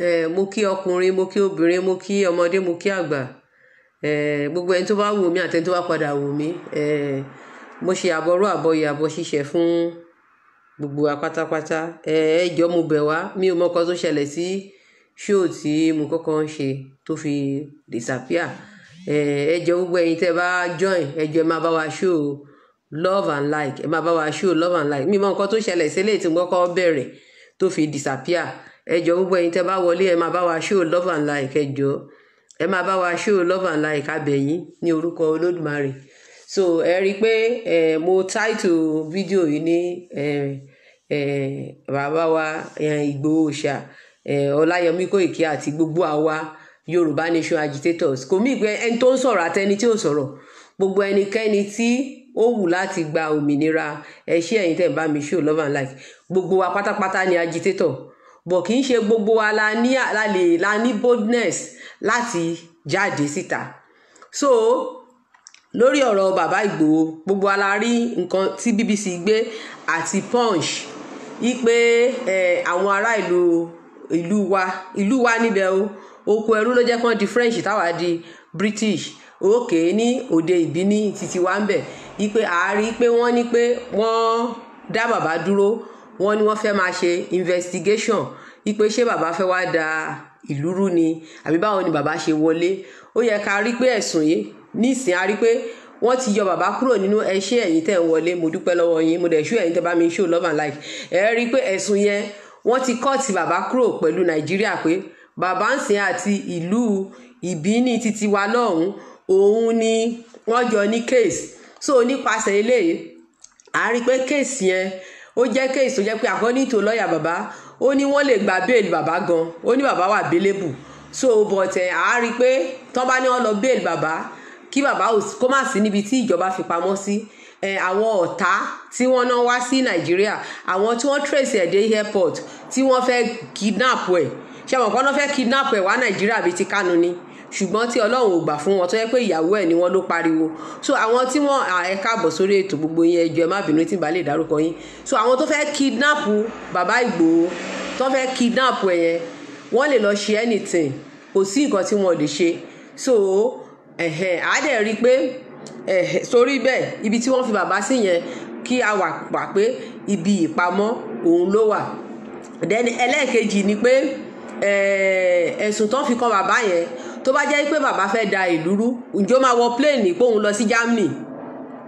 eh, mo kí ọkùnrin mo kí obìnrin mo kí ọmọdé mo kí àgbà eh, gbogbo ẹni tó bá wù mí àti ẹni tó bá padà wù mí mo ṣe àbọ̀rú àbọ̀yè àbọ̀ ṣíṣe fún gbogbo wa pátápátá mo bẹ̀ wá mi ò mọ̀kan tó ṣẹlẹ̀ sí ṣóò tí mo kọ́kọ́ ń ṣe tó fi disappear ẹ jọ gbogbo ẹ̀yin tẹ́ bá join ẹ jọ ẹ máa bá wa ṣóò love and like ẹ máa bá wa ṣóò love and like mi ò mọ̀kan tó ṣẹlẹ̀ sí eléyìí tí mo kọ́kọ́ bẹ̀rẹ̀ tó fi disappear ẹ jọ̀ọ́ gbogbo ẹ̀yin tẹ́ bá wọlé ẹ máa bá wa show love and like ẹ jọ̀ọ́ ẹ máa bá wa show love and like abẹ̀yìn ní orúkọ olódùmarè so ẹ rí i pé mo title fídíò yìí ní ẹ ẹ bàbá wa Ìgbòho Òòṣà ẹ Ọláyọmí Kóìkí àti gbogbo àwa Yorùbá Nation agitators kò mí pé ẹni tó ń sọ̀rọ̀ àtẹni tí ò sọ̀rọ̀ gbogbo ẹnikẹ́ni tí ó wù láti gba òmìnira ẹ ṣé ẹ̀yin tẹ́ bá mi show love and like gbogbo wa pátápátá ni agitator bọ̀ kì í ṣe gbogbo wa la ní la la ní boldness láti jáde síta so lórí ọ̀rọ̀ bàbá Ìgbòho gbogbo wa la rí nǹkan tí BBC gbé àti punch ipe àwọn ará ìlú ìlú wa ìlú wa níbẹ̀ o oko ẹrú ló jẹ́ kán di French táwa di British òkè ní òde ìbíní títí wa ń bẹ̀ ipe àárí pé wọ́n ní pé wọ́n dá bàbá dúró wọ́n ní wọ́n fẹ́ máa ṣe investigation wípé ṣé bàbá fẹ́ wá da ìlú rú ni àbí báwo ni bàbá ṣe wọlé ó yẹ ká rí pé ẹ̀sùn yìí nísìn á rí pé wọ́n ti yọ bàbá kúrò nínú ẹṣẹ́ ẹ̀yìn tẹ̀ ń wọlé mo dúpẹ́ lọ́wọ́ yín mo dẹ̀ ṣú ẹ̀yìn tẹ́ bá mi ṣó love and like ẹ̀ rí pé ẹ̀sùn yẹn wọ́n ti kọ́ọ̀tì bàbá kúrò pẹ̀lú nàìjíríà pé bàbá ń sìn àti ìlú ìbíní titi wa lọ́hùn òun ni wọ́n jọ ní case so nípasẹ̀ eléyìí a rí pé case yẹn ó jẹ́ case tó jẹ́ pé according to lawyer bàbá ó ní wọ́n lè gba bẹ́ẹ̀lì bàbá gan ó ní bàbá wà bélébù so but ẹ̀ eh, á rí i pé tán bá ní wọ́n lọ bẹ́ẹ̀lì bàbá kí bàbá kó má sí níbi tí ìjọba fi pamọ́ sí eh, àwọn ọ̀tá tí wọ́n ná wá sí nàìjíríà àwọn tí wọ́n trace ẹ̀ dé airport tí wọ́n fẹ́ kidnap ẹ̀ ṣé àwọn kan náà fẹ́ kidnap ẹ̀ wá nàìjíríà bíi ti Kánú ni ṣùgbọ́n tí ọlọ́run ò gbà fún wọn tó yẹ pé ìyàwó ẹ̀ ni wọ́n ló pariwo so àwọn tí wọ́n ẹ káàbọ̀ sórí ètò gbogbo yẹn ẹjọ́ ẹ má bínú tí n bá lè dárúkọ yín so àwọn tó fẹ́ kidnap bàbá Ìgbòho tó fẹ́ kidnap ẹ̀ yẹn wọ́n lè lọ ṣe anything kò sí nǹkan tí wọ́n lè ṣe so ẹ̀hẹ̀n rí i pé ẹ̀hẹ̀ sórí bẹ́ẹ̀ ibi tí wọ́n fi bàbá sí yẹn kí a wà pa pé ibi ìpamọ́ òun ló wà then ẹlẹ́ẹ̀kejì ni pé ẹ̀sùn tó fi kàn bàbá yẹn tó bá jẹ́ pé bàbá fẹ́ da ìlú rú ǹjọ́ máa wọ pléènì pé òun lọ sí Germany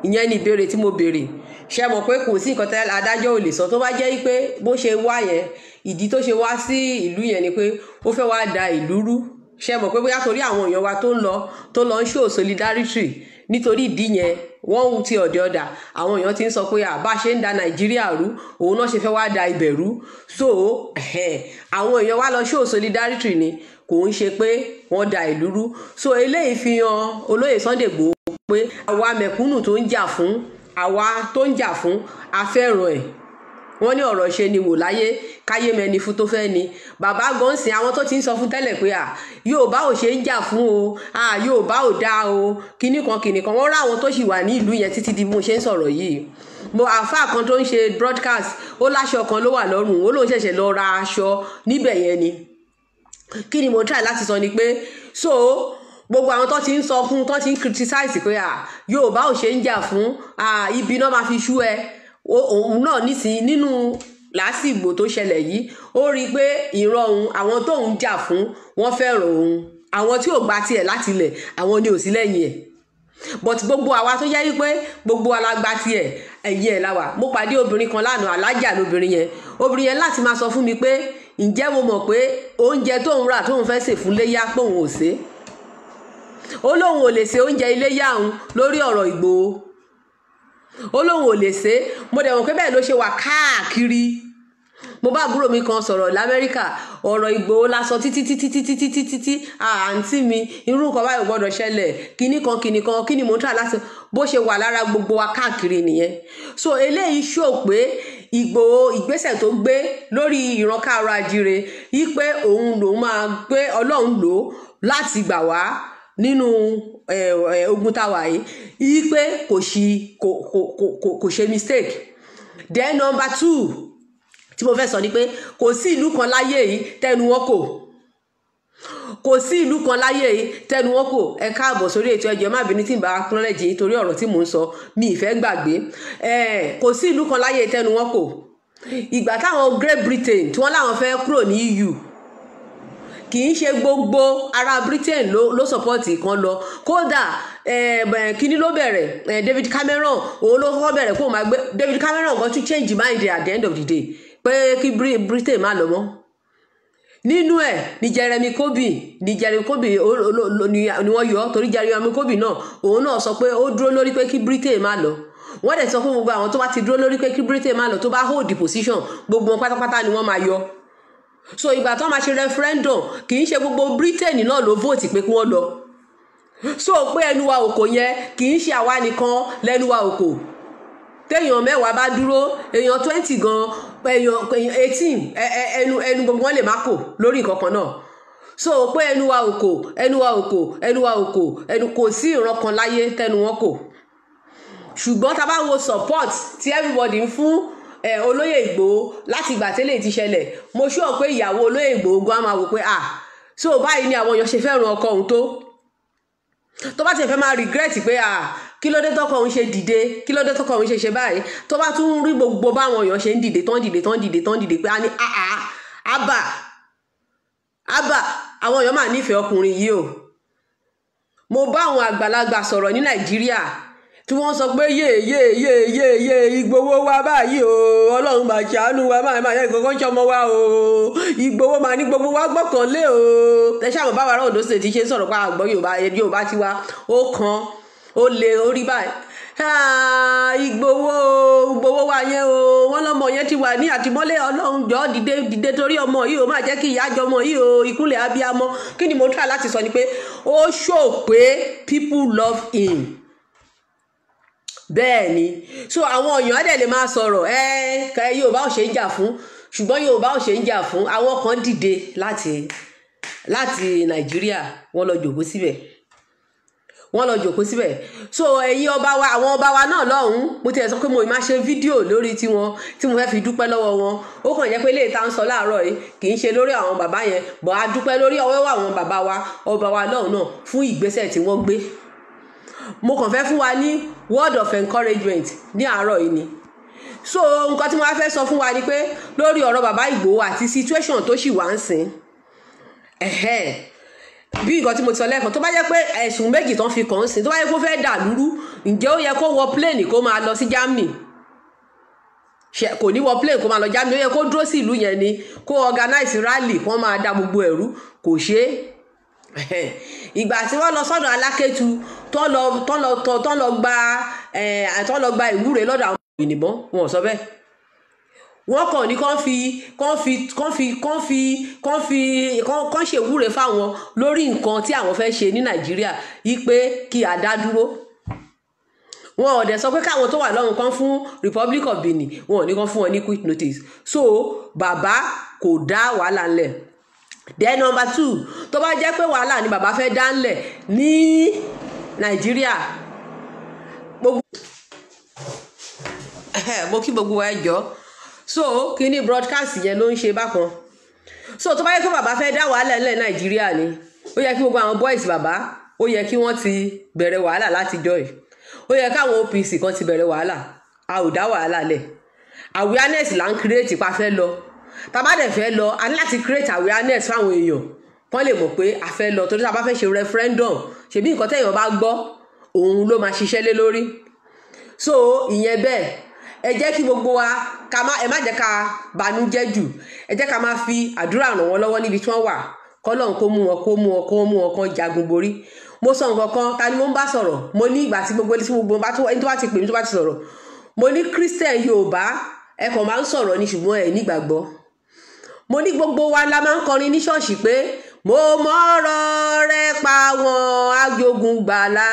ìyẹn ni ìbéèrè tí mo béèrè ṣe mọ̀ pé kò sí nǹkan tẹ́ adájọ́ ò lè sọ tó bá jẹ́ pé bó ṣe wá yẹn ìdí tó ṣe wá sí ìlú yẹn ni pé ó fẹ́ wá da ìlú rú ṣe mọ̀ pé bóyá torí àwọn èèyàn wa tó ń lọ tó lọ ń show solidarity nítorí ìdí yẹn wọ́n ń ti ọ̀dẹ̀ ọ̀dà àwọn èèyàn ti ń sọ pé àbá ṣe ń da nàìjíríà rú òun náà ṣe fẹ́ wá da ibẹ̀ rú so àwọn èèyàn wa lọ show solidarity ni kò ń ṣe pé wọ́n da ìlú rú so eléyìí fi hàn olóyè Sunday Igboho pé àwa mẹ̀kúnnù tó ń jà fún àwa tó ń jà fún afẹ́ràn ẹ̀ wọ́n ní ọ̀rọ̀ ṣe ni wò láyé káyé mẹni fún tó fẹ́ ni bàbá gọ́ǹsìn àwọn tó ti ń sọ fún tẹ́lẹ̀ pé à Yorùbá ò ṣe ń jà fún o à Yorùbá ò dáa o kinní kan kinní kan wọ́n rá tó sì wà ní ìlú yẹn títí di mo ṣe ń sọ̀rọ̀ yìí mo àáfàá kan tó ń ṣe broadcast ó láṣọ kan ló wà lọ́rùn ó lóun ṣẹ̀ṣẹ̀ lọ ra aṣọ níbẹ̀ yẹn ni kí ni mo try láti sọ ni pé so gbogbo àwọn tó ti ń sọ fún tó ti ń criticize pé à Yorùbá ò ṣe ń jà fún ibi náà máa fi ṣú ẹ òun náà nísìnyí nínú lásìgbò tó ṣẹlẹ̀ yìí ó rí i pé ìran òun àwọn tóun jà fún wọ́n fẹ́ràn òun àwọn tí ò gba tiẹ̀ láti ilẹ̀ àwọn ni ò sí lẹ́yìn ẹ̀ but gbogbo àwa tó yẹ wípé gbogbo alagba tiẹ̀ ẹ̀yìn ẹ̀ la wà mo pàdé obìnrin kan lánàá alájà lóbìnrin yẹn obìnrin yẹn láti máa sọ fún mi pé ǹjẹ́ mo mọ̀ pé oúnjẹ tó ń rà tó ń fẹ́ sè fún léyà pé òun ò ṣe ó lóun ò lè ṣe oúnjẹ iléyà òun lórí ọ̀rọ̀ Ìgbòho ó lóun ò lè ṣe mo dẹ̀ mọ̀ pé bẹ́ẹ̀ ló ṣe wà káàkiri mo bá àbúrò mi kan sọ̀rọ̀ l'Amẹ́ríkà ọ̀rọ̀ Ìgbòho la sọ títí títí títí títí títí àǹtí mi irú nǹkan báyìí gbọ́dọ̀ ṣẹlẹ̀ kíní kan kíní kan kíní mo ń tà láti bó ṣe wà lára gbogbo wa káàkiri nìyẹn so eléyìí ṣó pé Ìgbòho ìgbésẹ̀ tó gbé lórí ìran káàárọ̀-oòjíire yìí pé òun lòún máa gbé ọlọ́run lò láti gbà wá nínú ogun tá yìí yìí pé kò sí kò kò ṣe mistake then number two tí mo fẹ́ sọ ni pé kò sí ìlú kan láyé yìí tẹnu wọn kò kò sí ìlú kan láyé yìí tẹnu wọn kò ẹ káàbọ̀ sórí ètò ẹjọ́ má bínú tí n bá acknowledge yìí torí ọ̀rọ̀ tí mò ń sọ mi ìfẹ́ gbàgbé kò sí ìlú kan láyé tẹnu wọn kò ìgbà táwọn Great Britain tí wọ́n láwọn fẹ́ kúrò ní EU kì í ṣe gbogbo ará Britain ló ló sọpọ́ọ̀tì kan lọ kódà kíní ló bẹ̀rẹ̀ David Cameron òun ló kọ́ bẹ̀rẹ̀ kó máa gbé David Cameron kan tún change mind at the end of the day pé kí Britain má lọ mọ́ nínú ẹ̀ ni Jeremy Corbyn ni Jeremy Corbyn ni wọ́n yọ torí Jeremy Corbyn náà òun náà sọ pé ó dúró lórí pé kí Britain má lọ wọ́n dẹ̀ sọ fún gbogbo àwọn tó bá ti dúró lórí pé kí Britain má lọ tó bá hold the position gbogbo wọn pátápátá ni wọ́n máa yọ so ìgbà tó máa ṣe referendum kì í ṣe gbogbo Britain náà ló vote pé kí wọ́n lọ so pé ẹnu wa òkò yẹn kì í ṣe àwa nìkan lẹ́nu wa òkò téèyàn mẹ́wàá bá dúró èèyàn twenty gan èèyàn eighteen ẹnu ẹnu gbogbo wọn lè má kò lórí nǹkan kan náà so pé ẹnu wa ò kò ẹnu wa ò kò ẹnu wa ò kò ẹnu kò sí ìran kan láyé tẹnu wọn kò ṣùgbọ́n tá a bá wo support tí everybody ń fún ẹ olóyè Ìgbòho láti ìgbà tẹ́lẹ̀ ti ṣẹlẹ̀ mo ṣúọ̀ pé ìyàwó olóyè Ìgbòho gan máa wò pé ah so báyìí ni àwọn èèyàn ṣe fẹ́ràn ọkọ òun tó tó bá ti fẹ́ máa regret pé ah kí ló dé tọkọ òun ṣe dìde kí ló dé tọkọ òun ṣe ṣe báyìí tó bá tún rí gbogbo báwọn èèyàn ṣe ń dìde tán dìde tán dìde tán dìde pé a ní àà àbà àbà àwọn èèyàn máa nífẹ̀ẹ́ ọkùnrin yìí o mo bá àwọn àgbàlagbà sọ̀rọ̀ ní nàìjíríà tí wọ́n sọ pé yé yé yé yé yé ìgbowó wa báyìí o ọlọ́run máa ṣàánú wa máa máa yẹ kankan ṣọmọ wa o ìgbowó máa ní gbogbo wa gbọ́kànlé o ẹ ṣáà mọ̀ báwa ará òdòṣe ti ṣe sọ̀rọ̀ pa àgbọ̀ yorùbá yorùbá tiwa ó kan ó lè orí báyìí ah, Ìgbòho Ìgbòho wa yẹn o wọn lọmọ yẹn ti wà ní àtìmọ́lé Ọlọ́run jọ dìde dìde torí ọmọ yìí o má jẹ́ kí ìyá jọmọ yìí o ìkúnlẹ̀ abiyamọ kí ni mo try láti sọ ni pé ó ṣò pé people love him bẹ́ẹ̀ ni so àwọn èèyàn á dẹ̀ lè máa sọ̀rọ̀ ẹ kẹ Yorùbá ò ṣe ń jà fún ṣùgbọ́n Yorùbá ò ṣe ń jà fún àwọn kan dìde láti láti Nàìjíríà wọ́n lọ jòkó síbẹ̀. Si wọ́n lọ jòkó síbẹ̀ so ẹ̀yin ọba wa àwọn ọba wa náà lọ́hùn-ún mo tiẹ̀ sọ pé mo máa ṣe fídíò lórí tiwọn tí mo fẹ́ fi dúpẹ́ lọ́wọ́ wọn ó kàn jẹ́ pé ilé ìta ń sọ láàárọ̀ yìí kì í ṣe lórí àwọn bàbá yẹn bọ̀ á dúpẹ́ lórí ọwọ́ àwọn bàbá wa ọba wa lọ́hùn náà fún ìgbésẹ̀ tí wọ́n gbé mo kàn fẹ́ fún wa ní word of encouragement ní àárọ̀ yìí ni so nǹkan tí mo wá fẹ́ sọ fún wa ni pé lórí ọ̀rọ̀ bàbá Ìgbòho àti situation tó sì wá ń sìn ẹ̀hẹ́n bí nǹkan tí mo ti sọ lẹ́ẹ̀kan tó bá yẹ pé ẹ̀sùn méjì tán fi kàn án sí tó bá yẹ kó fẹ́ẹ́ dà lúrú ǹjẹ́ ó yẹ kó wọ pléènì kó máa lọ sí Germany kò ní wọ plane kó máa lọ Germany ó yẹ kó dúró sí ìlú yẹn ni kó organize rally kó máa da gbogbo ẹ̀rú kò ṣeé ìgbà tí wọ́n lọ sọ́dọ̀ alákẹ́tù tán eh, lọ gba ìwúre lọ́dọ̀ àwọn òyìnbó wọn ò sọ bẹ́ẹ̀ wọ́n kàn ní kán fi kán fi kán fi kán fi kán fi kán ṣèwúre fáwọn lórí nǹkan tí àwọn fẹ́ ṣe ní nàìjíríà yí pé kí a dá dúró wọn ọ̀dẹ̀ sọ pé káwọn tó wà lọ́run kan fún Republic of Benin wọn ò ní kan fún wọn ní quick notice so bàbá kò dá wàhálà ńlẹ̀ then number two tó bá jẹ́ pé wàhálà ni bàbá fẹ́ dá ńlẹ̀ ní Nàìjíríà gbogbo mo kí gbogbo ẹ jọ so kini broadcast yẹn ló ń ṣe bákan so tó bá yẹ kó bàbá fẹ́ dá wàhálà ńlẹ̀ nàìjíríà ni ó yẹ kí gbogbo àwọn boys bàbá ó yẹ kí wọ́n ti bẹ̀rẹ̀ wàhálà látijọ́ yìí ó yẹ káwọn OPC kan ti bẹ̀rẹ̀ wàhálà a ò dá wàhálà lẹ̀ awareness là ń create pa fẹ́ lọ tàbá dẹ̀ fẹ́ lọ a ní láti create awareness fáwọn èèyàn kán lè mọ̀ pé a fẹ́ lọ torí tàbá fẹ́ ṣe referendum ṣèbí nǹkan tẹ̀yàn bá gbọ́ òun ló máa ṣiṣẹ́ lé lórí so ìyẹn bẹ́ẹ̀ ẹ jẹ́ kí gbogbo wa ká má ẹ má jẹ́ ká banújẹ́ jù ẹ jẹ́ ká má fi àdúrà ràn wọ́n lọ́wọ́ níbi tí wọ́n wà kọ́lọ́n kó mú wọn kó mú wọn kó mú wọn kan jagun borí mo sọ nǹkan kan ta ni mo ń bá sọ̀rọ̀ mo ní ìgbà tí gbogbo tí gbogbo ẹni tó bá ti pè mí tó bá ti sọ̀rọ̀ mo ní christian yorùbá ẹ kàn máa ń sọ̀rọ̀ ni ṣùgbọ́n ẹ nígbàgbọ́ mo ní gbogbo wa la máa ń kọrin ní ṣọ́ọ̀ṣì pé mo mọ̀ọ́rọ̀ rẹ pa wọn ajogun gbàlà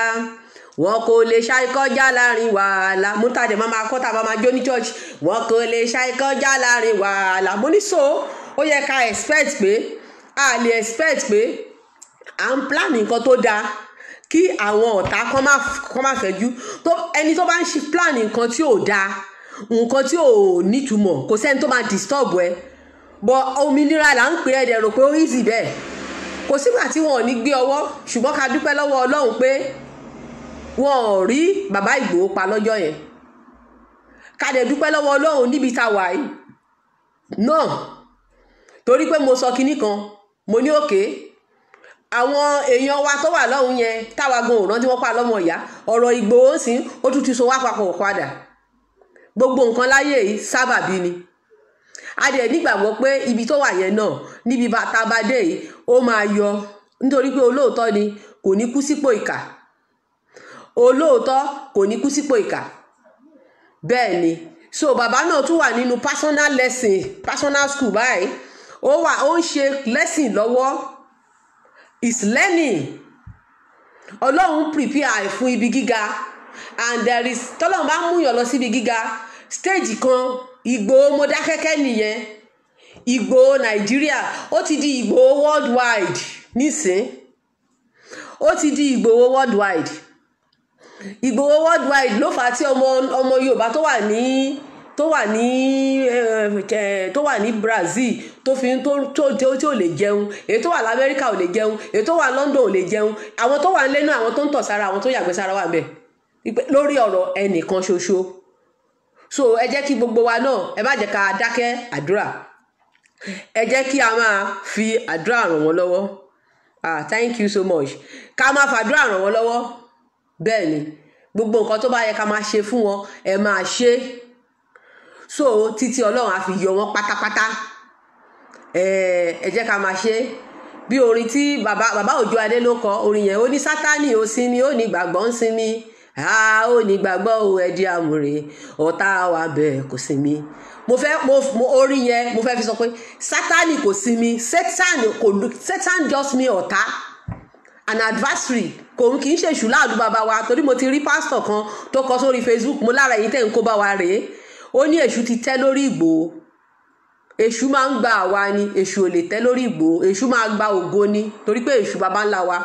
wọn kò lè ṣàìkọjá láàrin wàhálà mú tàdé máa máa kọ́ tá a máa máa jó ní church wọn kò lè ṣàìkọjá láàrin wàhálà mo ní so ó yẹ ká expect pé a lè expect pé à ń plan nǹkan tó dáa kí àwọn ọ̀tá kọ́ máa fẹ́jú ẹni tó bá ń ṣe plan nǹkan tí ò dáa nǹkan tí ò nítumọ̀ kò sẹ́ni tó máa disturb ẹ bọ òmìnira là ń pè é dẹ̀ rò pé ó easy bẹ́ẹ̀ kò sígbà tí wọn ò ní gbé ọwọ́ ṣùgbọ́n ká dúpẹ́ lọ́wọ́ Ọlọ́run pé wọn ò rí bàbá Ìgbòho pa lọ́jọ́ yẹn ká dẹ̀ dúpẹ́ lọ́wọ́ Ọlọ́run níbi tá a wà yìí náà torí pé mo sọ kinní kan mo ní òkè àwọn èèyàn wa tó wà lọ́hùn yẹn táwa gan òrán tí wọ́n pa lọ́mọ ìyá ọ̀rọ̀ Ìgbòho sí ó tún ti so wá papọ̀ padà gbogbo nǹkan láyé yìí sábàbí ni a dẹ̀ nígbàgbọ́ pé ibi tó wà yẹn náà níbi bàtà bá dé yìí ó máa yọ nítorí pé olóòótọ́ ni kò ní kú sípò ìkà olóòótọ́ kò ní kú sípò ìkà bẹ́ẹ̀ ni so bàbá náà tún wà nínú personal lesson personal school báyìí ó wà ó ń ṣe lesson lọ́wọ́ is learning ọlọ́run prepare fún ibi gíga and there is tọ́lọ́run bá mú yàn lọ síbi gíga stage kan Ìgbòho Mọdákẹ́kẹ́ nìyẹn Ìgbòho Nàìjíríà ó ti di Ìgbòho worldwide nísìn ó ti di Ìgbòho worldwide Ìgbòho worldwide ló fà á tí ọmọ ọmọ Yorùbá tó wà ní tó wà ní eh, eh, tó wà ní Brazil tó fi tó tó tí ò lè jẹun èyí tó wà l'Amẹ́ríkà ò lè jẹun èyí tó wà London ò lè jẹun àwọn tó wà nílé náà àwọn tó ń tọ̀ sára àwọn tó yàgbẹ́ sára wà bẹ́ẹ̀ lórí ọ̀rọ̀ ẹnìkan ṣoṣo so ẹ jẹ́ kí gbogbo wa náà ẹ má jẹ́ ká dákẹ́ àdúrà ẹ jẹ́ kí a máa fi àdúrà ràn wọ́n lọ́wọ́ ah thank you so much ká máa fàdúrà ràn wọ́n lọ́wọ́ bẹ́ẹ̀ ni gbogbo nǹkan tó bá yẹ ká máa ṣe fún wọn ẹ máa ṣe so títí ọlọ́run á fi yọ wọn pátápátá ẹ jẹ́ ká máa ṣe bí orin tí bàbá bàbá Òjó Adé ló kọ orin yẹn ó ní sátánì ó sinmi ó ní gbàgbọ́ ń sinmi a ó ní gbàgbọ́ ò ẹ̀dí àmúre ọ̀tá wa bẹ́ẹ̀ kò sinmi mo fẹ́ mo orin yẹn mo fẹ́ fi sọ pé sátánì kò sinmi satan kò satan just mi ọ̀tá an adversary kò ń kì í ṣèṣù láàdú bàbá wa torí mo ti rí pásítọ̀ kan tó kọ sórí Facebook mo lára èyí tẹ̀ ń kó bá wa rèé ó ní èṣù ti tẹ́ lórí Ìgbòho èṣù máa ń gba àwa ni èṣù ò lè tẹ́ lórí Ìgbòho èṣù máa gba ògo ni torí pé èṣù bàbá ńlá wa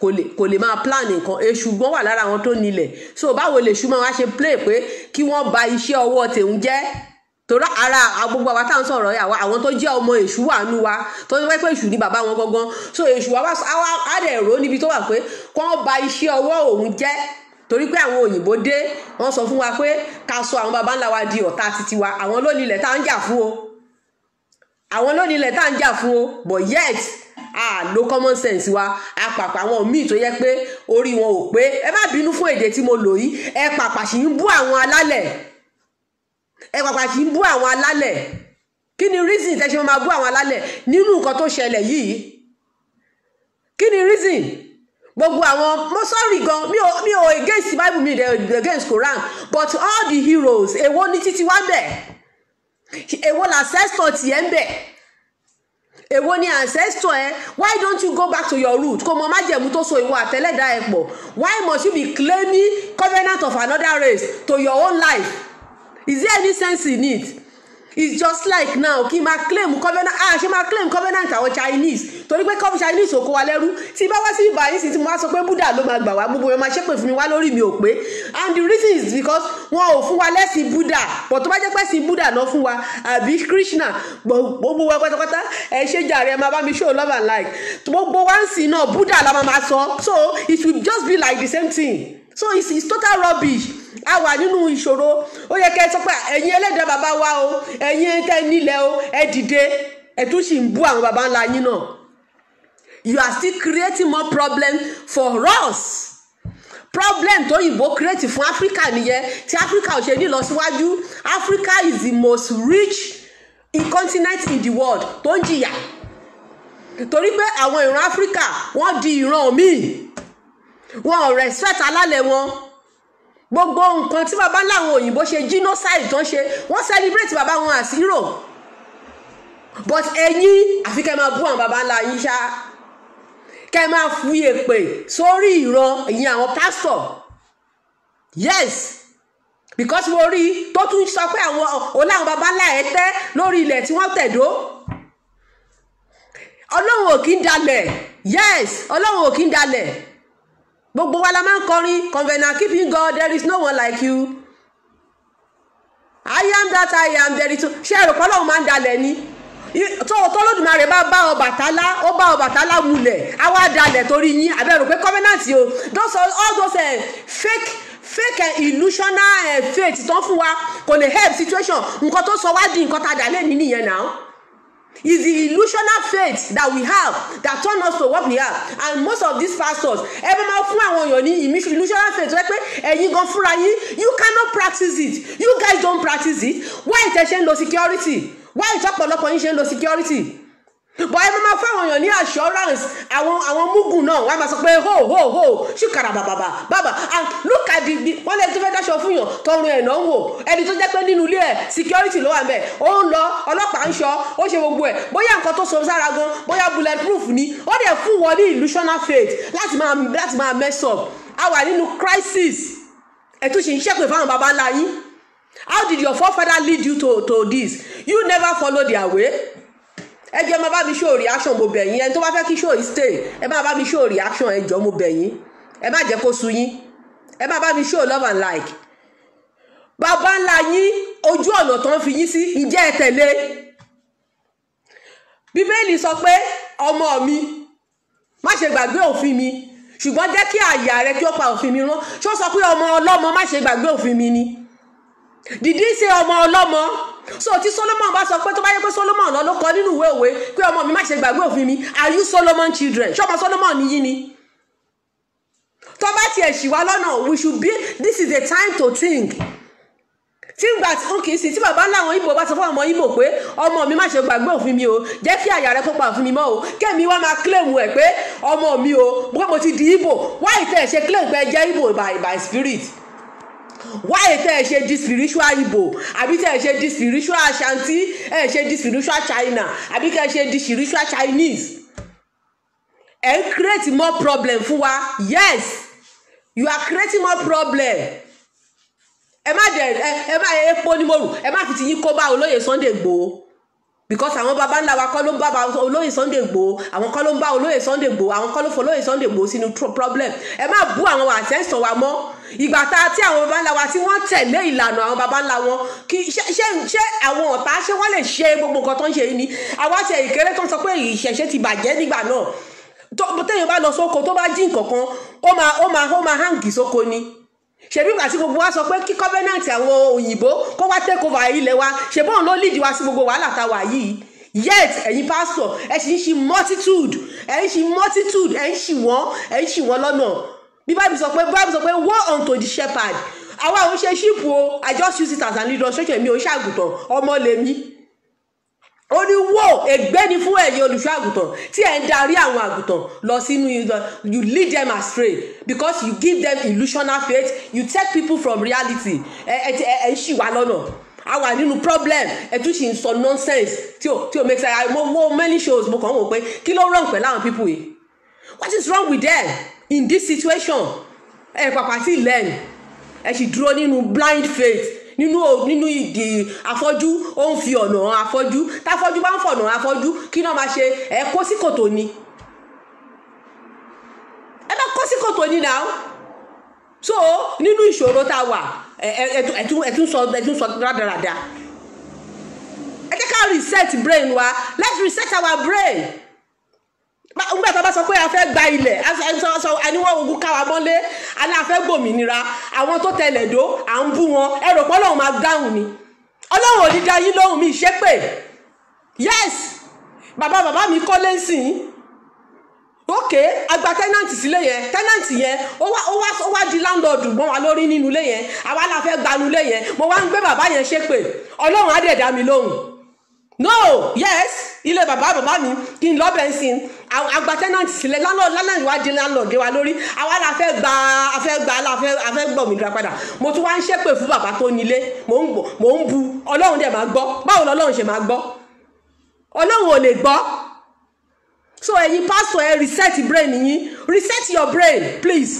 kò lè kò lè máa plan nǹkan èṣù gbọ́n wà lára àwọn tó nílẹ̀ so báwo lèṣù máa wá ṣe play pé kí wọ́n ba iṣẹ́ ọwọ́ tèun jẹ́ torí ara gbogbo àwa tá à ń sọ̀rọ̀ yà wá àwọn tó jẹ́ ọmọ èṣù wà nù wa tó jẹ́ pé èṣù ni bàbá wọn gangan so èṣù wa wá á dẹ̀ rò níbi tó wà pé kọ́ ba iṣẹ́ ọwọ́ òun jẹ́ torí pé àwọn òyìnbó dé wọ́n sọ fún wa pé ká sọ àwọn baba ńlá wa di ọ̀tá títí wa àwọn ló nílẹ̀ tá à ń jà fún o àwọn ló nílẹ̀ tá à ń jà fún o but yet a lo common sense wa a pàpà àwọn míì tó yẹ pé orí wọn ò pé ẹ má bínú fún èdè tí mo lò yìí ẹ pàpà sì ń bú àwọn alálẹ̀ ẹ pàpà kì í bú àwọn alálẹ̀ kí ni reason tẹ́ ṣe máa bú àwọn alálẹ̀ nínú nǹkan tó ṣẹlẹ̀ yìí kí ni reason gbogbo àwọn mo sorry gan mi ò against the bible mi dey against Quran but all the heroes èwo ni títí wá bẹ̀ èwo la ancestor tiẹ̀ ń bẹ̀ èwo ni ancestor ẹ why don't you go back to your root kò mọ májẹ̀mú tó so ìwọ àtẹlẹ́dàá ẹ pọ̀ why must you be claiming covenant of another race to your own life is there any sense in it it's just like now kí n máa claim covenant ah she máa claim covenant àwọn chinese torí pé kọ́ọ̀bù chinese ò kó wa lẹ́rú tí bá wá sí ibà yìí sì tí mo wá sọ pé buddha ló máa gbà wá gbogbo yẹn máa ṣépè fún mi wá lórí mi ò pé and the reason is because wọn ò fún wa lẹ́sìn buddha pọ̀ tó bá jẹ́ pé sin buddha náà fún wa àbí krishna gbogbo wa pátápátá ẹ ṣe jàre ẹ máa bá mi show love and like gbogbo wa ń sìn náà buddha la máa máa sọ so it will just be like the same thing so it's, it's total rubbish a wà nínú ìṣòro ó yẹ kẹ́ ẹ sọ pé ẹ̀yin ẹlẹ́dàá bàbá wa o ẹ̀yin tẹ́ nílẹ̀ o ẹ dìde ẹ tún sì ń bú àwọn bàbá ńlá yín náà you are still creating more problem for us problem tó òyìnbó create fún Africa nìyẹn tí Africa ò ṣe ní ìlọsíwájú Africa is the most rich continent in the world tó ń jìyà torí pé àwọn ìran Africa wọ́n di ìran míì wọn ò respect alálẹ̀ wọn gbogbo nǹkan tí baba láwọn òyìnbó ṣe genocide tán ṣe wọ́n celebrate baba wọn as hero but ẹ̀yin àfi kẹ́ máa bú àwọn baba ńlá yín ṣá kẹ́ máa fi èpè sórí ìran ẹ̀yin àwọn pásítọ̀ yes because mo rí i tó tún sọ pé àwọn ọláwọn baba ńlá ẹ tẹ́ lórí ilẹ̀ tí wọ́n tẹ̀dó ọlọ́run ò kí ń dalẹ̀ yes ọlọ́run ò kí ń dalẹ̀ gbogbo wa la máa ń kọrin covenant keeping God there is no one like you I am that I am there is ṣé ẹ̀rọ pọ́lọ́hún máa ń dalẹ̀ ni tọ́lọ́dúnmarè bá bá Ọbàtálá ó bá Ọbàtálá mulẹ̀ á wá dalẹ̀ torí yín àbẹ̀rù pé covenant o those all those uh, fake fake uh, illusional uh, faith tán fún wa kò lè help situation nǹkan tó sọ wá di nǹkan tá a dà nìyẹn náà. is the illusional faith that we have that turn us to what we are, and most of these pastors ẹ bá máa fún àwọn èèyàn ní illusional faith wẹ́pẹ́ ẹ̀yin gan fúnra yín you cannot practice it you guys don't practice it why ìtẹ̀ ṣe ń lo security why ìtọ́pọ̀lọpọ̀ yín ṣe ń lo security bọ́ ẹ máa fáwọn èèyàn ní assurance àwọn àwọn mugun náà wọ́n á máa sọ pé ho ho ho ṣìkàrà bàbàbà bàbà and look at the the wọ́n lè tó fẹ́ dáṣọ fún yàn tọrùn ẹ̀ náà wò ẹni tó jẹ́ pé nínú ilé ẹ̀ security ló wà ń bẹ̀ ó ń lọ ọlọ́pàá ń ṣọ́ ó ṣe gbogbo ẹ̀ bóyá nǹkan tó so sára gan bóyá bullet proof ni ó dẹ̀ fún wọn ní illusional faith láti máa láti máa mess up a wà nínú crisis ẹ̀ tó ṣe ń ṣẹ́pẹ̀ fáwọn baba ńlá how did your forefather lead you to to this you never follow their way ẹ jẹ́ máa bá mi show reaction mo bẹ̀ yín ẹni tó bá fẹ́ kí show yìí stay ẹ máa bá mi show reaction ẹ jọ̀ọ́ mo bẹ̀ yín ẹ má jẹ́ kó sú yín ẹ má bá mi show love and like bàbá ńlá yín ojú ọ̀nà tó ń fi yín sí ìjẹ́ ẹ tẹ̀lé bíbélì sọ pé ọmọ mi má ṣe gbàgbé òfin mi ṣùgbọ́n jẹ́ kí àyà rẹ kí ó pa òfin mi rán ṣó sọ pé ọmọ ọlọ́mọ má ṣe gbàgbé òfin mi ni dìdí ṣe ọmọ ọlọ́mọ so tí solomon bá sọ pé tó bá yẹ pé solomon lọ ló kọ nínú ìwé òwe pé ọmọ mi má ṣe gbàgbé òfin mi are you solomon children ṣọmọ solomon ni yí ni tó bá tiẹ̀ ṣì wá lọ́nà we should be this is the time to think tí ń gbà tí ń kì í sí tí bàbá ńlá àwọn ibo bá sọ fún ọmọ ibo pé ọmọ mi má ṣe gbàgbé òfin mi o jẹ́ kí àyà rẹ kó pa òfin mi mọ́ o kẹ́mi wá máa claim ẹ̀ pé ọmọ mi o bó mo ti di ibo why tẹ̀ ṣe claim pé ẹ jẹ́ ibo by by spirit why tẹ́ ẹ ṣe di spiritual Ibo? àbí tẹ́ ẹ ṣe di spiritual Ashanti ẹ ṣe di spiritual China àbí tẹ́ ẹ ṣe di spiritual Chinese ẹ ń create more problem fún wa yes you are creating more problem ẹ má dẹ ẹ má epo ní moru ẹ má fi ti yín kó bá olóyè Sunday Igboho because àwọn baba ńlá wa kọ́ ló ń bá olóyè Sunday Igboho àwọn kọ́ ló ń bá olóyè Sunday Igboho àwọn kọ́ ló fọ olóyè Sunday Igboho sínú problem ẹ má bú àwọn ancestor wa mọ́ ìgbà tá a tí àwọn baba ńlá wa tí wọ́n tẹ̀lé ìlànà àwọn baba ńlá wọn kí ṣe ṣe àwọn ọ̀tá ṣé wọ́n lè ṣe gbogbo nǹkan tó ń ṣe yìí ni àwa ṣe ìkéré tó ń sọ pé ìṣẹ̀ṣe ti bàjẹ́ nígbà náà tó téèyàn bá lọ sóko tó bá jí nǹkan kan ó máa ó máa ó máa hàǹkì sóko ni ṣèbí ìgbà tí gbogbo wa sọ pé kí covenant àwọn òyìnbó kó wá take over ilẹ̀ wa ṣèbọ́n ló lead wa sí gbogbo wàhálà tá a wà yìí yet ẹ̀yin pastor ẹ̀ sì ń ṣe multitude ẹ̀ ń ṣe multitude ẹ̀ ń ṣì wọ́n ẹ̀ ń ṣì wọ́n lọ́nà bí bible sọ pé bible sọ pé woe unto the shepherd àwa òun ṣe ṣíìpù o i just use it as an illustration mi ò ṣàgùtàn ọmọ lèmi ó ní wò ègbé ni fún ẹ̀yin olùṣọ́ àgùntàn tí ẹ̀ ń darí àwọn àgùntàn lọ sínú you lead them astray because you give them illusional faith you take people from reality ẹ ẹ ẹ ń ṣì wá lọ́nà a wà nínú problem ẹ tún ṣì ń sọ nonsense tí o tí o make sense mo wo many shows mo kàn ń wò pé kí ló wrong pẹ̀lú àwọn people yìí what is wrong with them in this situation ẹ Papa tí learn ẹ sì dúró nínú blind faith nínú nínú ìdè afọ́jú ó ń fi ọ̀nà afọ́jú táfọ́jú bá ń fọ̀nà afọ́jú kí náà máa ṣe ẹ kó sí kòtò ni ẹ bá kó sí kòtò ni now so nínú ìṣòro tá a wà ẹ̀tún sọ ẹ̀tún sọ rádaràda ẹ jẹ́ ká reset brain wa let's reset our brain nígbà tó bá sọ pé a fẹ́ gba ilẹ̀ àníwọ̀n ogun káwa mọ́lé aláfẹ́ gbòmìnira àwọn tó tẹlẹ̀ dó à ń bú wọn ẹ̀rọ pọ́ lọ́hùn máa dáhùn ni ọlọ́run ò ní dá yín lóhùn mi ṣépè yes bàbá bàbá mi kọ́lé sìn ok agba tẹ́nàntì sílé yẹn tẹ́nàntì yẹn ó wá ó wá ó wá di láńdọ̀dù mọ́ wa lórí nínú ilé yẹn àwa la fẹ́ gbanú ilé yẹn mo wá ń gbé bàbá yẹn ṣépè ọlọ́run á dẹ̀ dá mi lóhùn no yes ilé bàbá bàbá mi kí n lọ́bẹ̀ ń sin àgbà tẹ́nàntì sílẹ̀ lálọ́ọ̀dì wá di lálọ́ọ̀dì wa lórí àwa la fẹ́ gba afẹ́ gba aláfẹ́ afẹ́ gbọ̀ mí dúra padà mo tún wá ń ṣépè fún bàbá tó nílé mò ń bu ọlọ́run dẹ̀ máa gbọ́ báwo lọ́lọ́run ṣe máa gbọ́ ọlọ́run ò lè gbọ́ so ẹ̀yin pásítọ̀ ẹ reset brain yín reset your brain please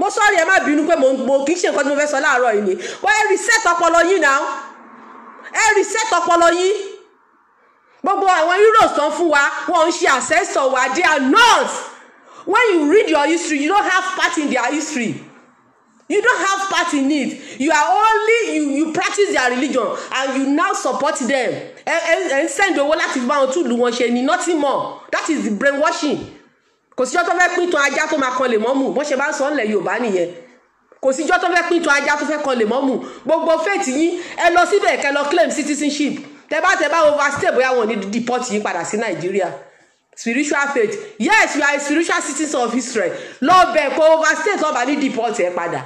mo sọ́ọ̀rì ẹ má bínú pé mo kì í ṣe nǹkan tí mo fẹ́ sọ láàárọ̀ yìí ni wọ́n ẹ reset ọpọlọ yín now ẹ reset ọpọlọ yín gbogbo àwọn heroes tán fún wa wọn ń ṣe assessor wa they are not when you read your history you don't have part in their history you don't have part in it you are only you you practice their religion and you now support them ẹ ẹ send owó láti bá wọn túlù wọn ṣe ni nothing more that is the brainwashing kò síjọ́ tó fẹ́ pín tan ajá tó máa kan lè mọ́mù bọ́n ṣe bá ń sọ ọ́nlẹ̀ Yorùbá nìyẹn kò síjọ́ tó fẹ́ pín tan ajá tó fẹ́ kan lè mọ́mù gbogbo faith yín ẹ lọ síbẹ̀ kẹ́ lọ claim citizenship tẹ bá tẹ bá overstay bóyá wọn ò ní deport yín padà sí nàìjíríà spiritual faith yes you are a spiritual citizen of Israel lọ bẹ kó overstay tó bá ní deport ẹ padà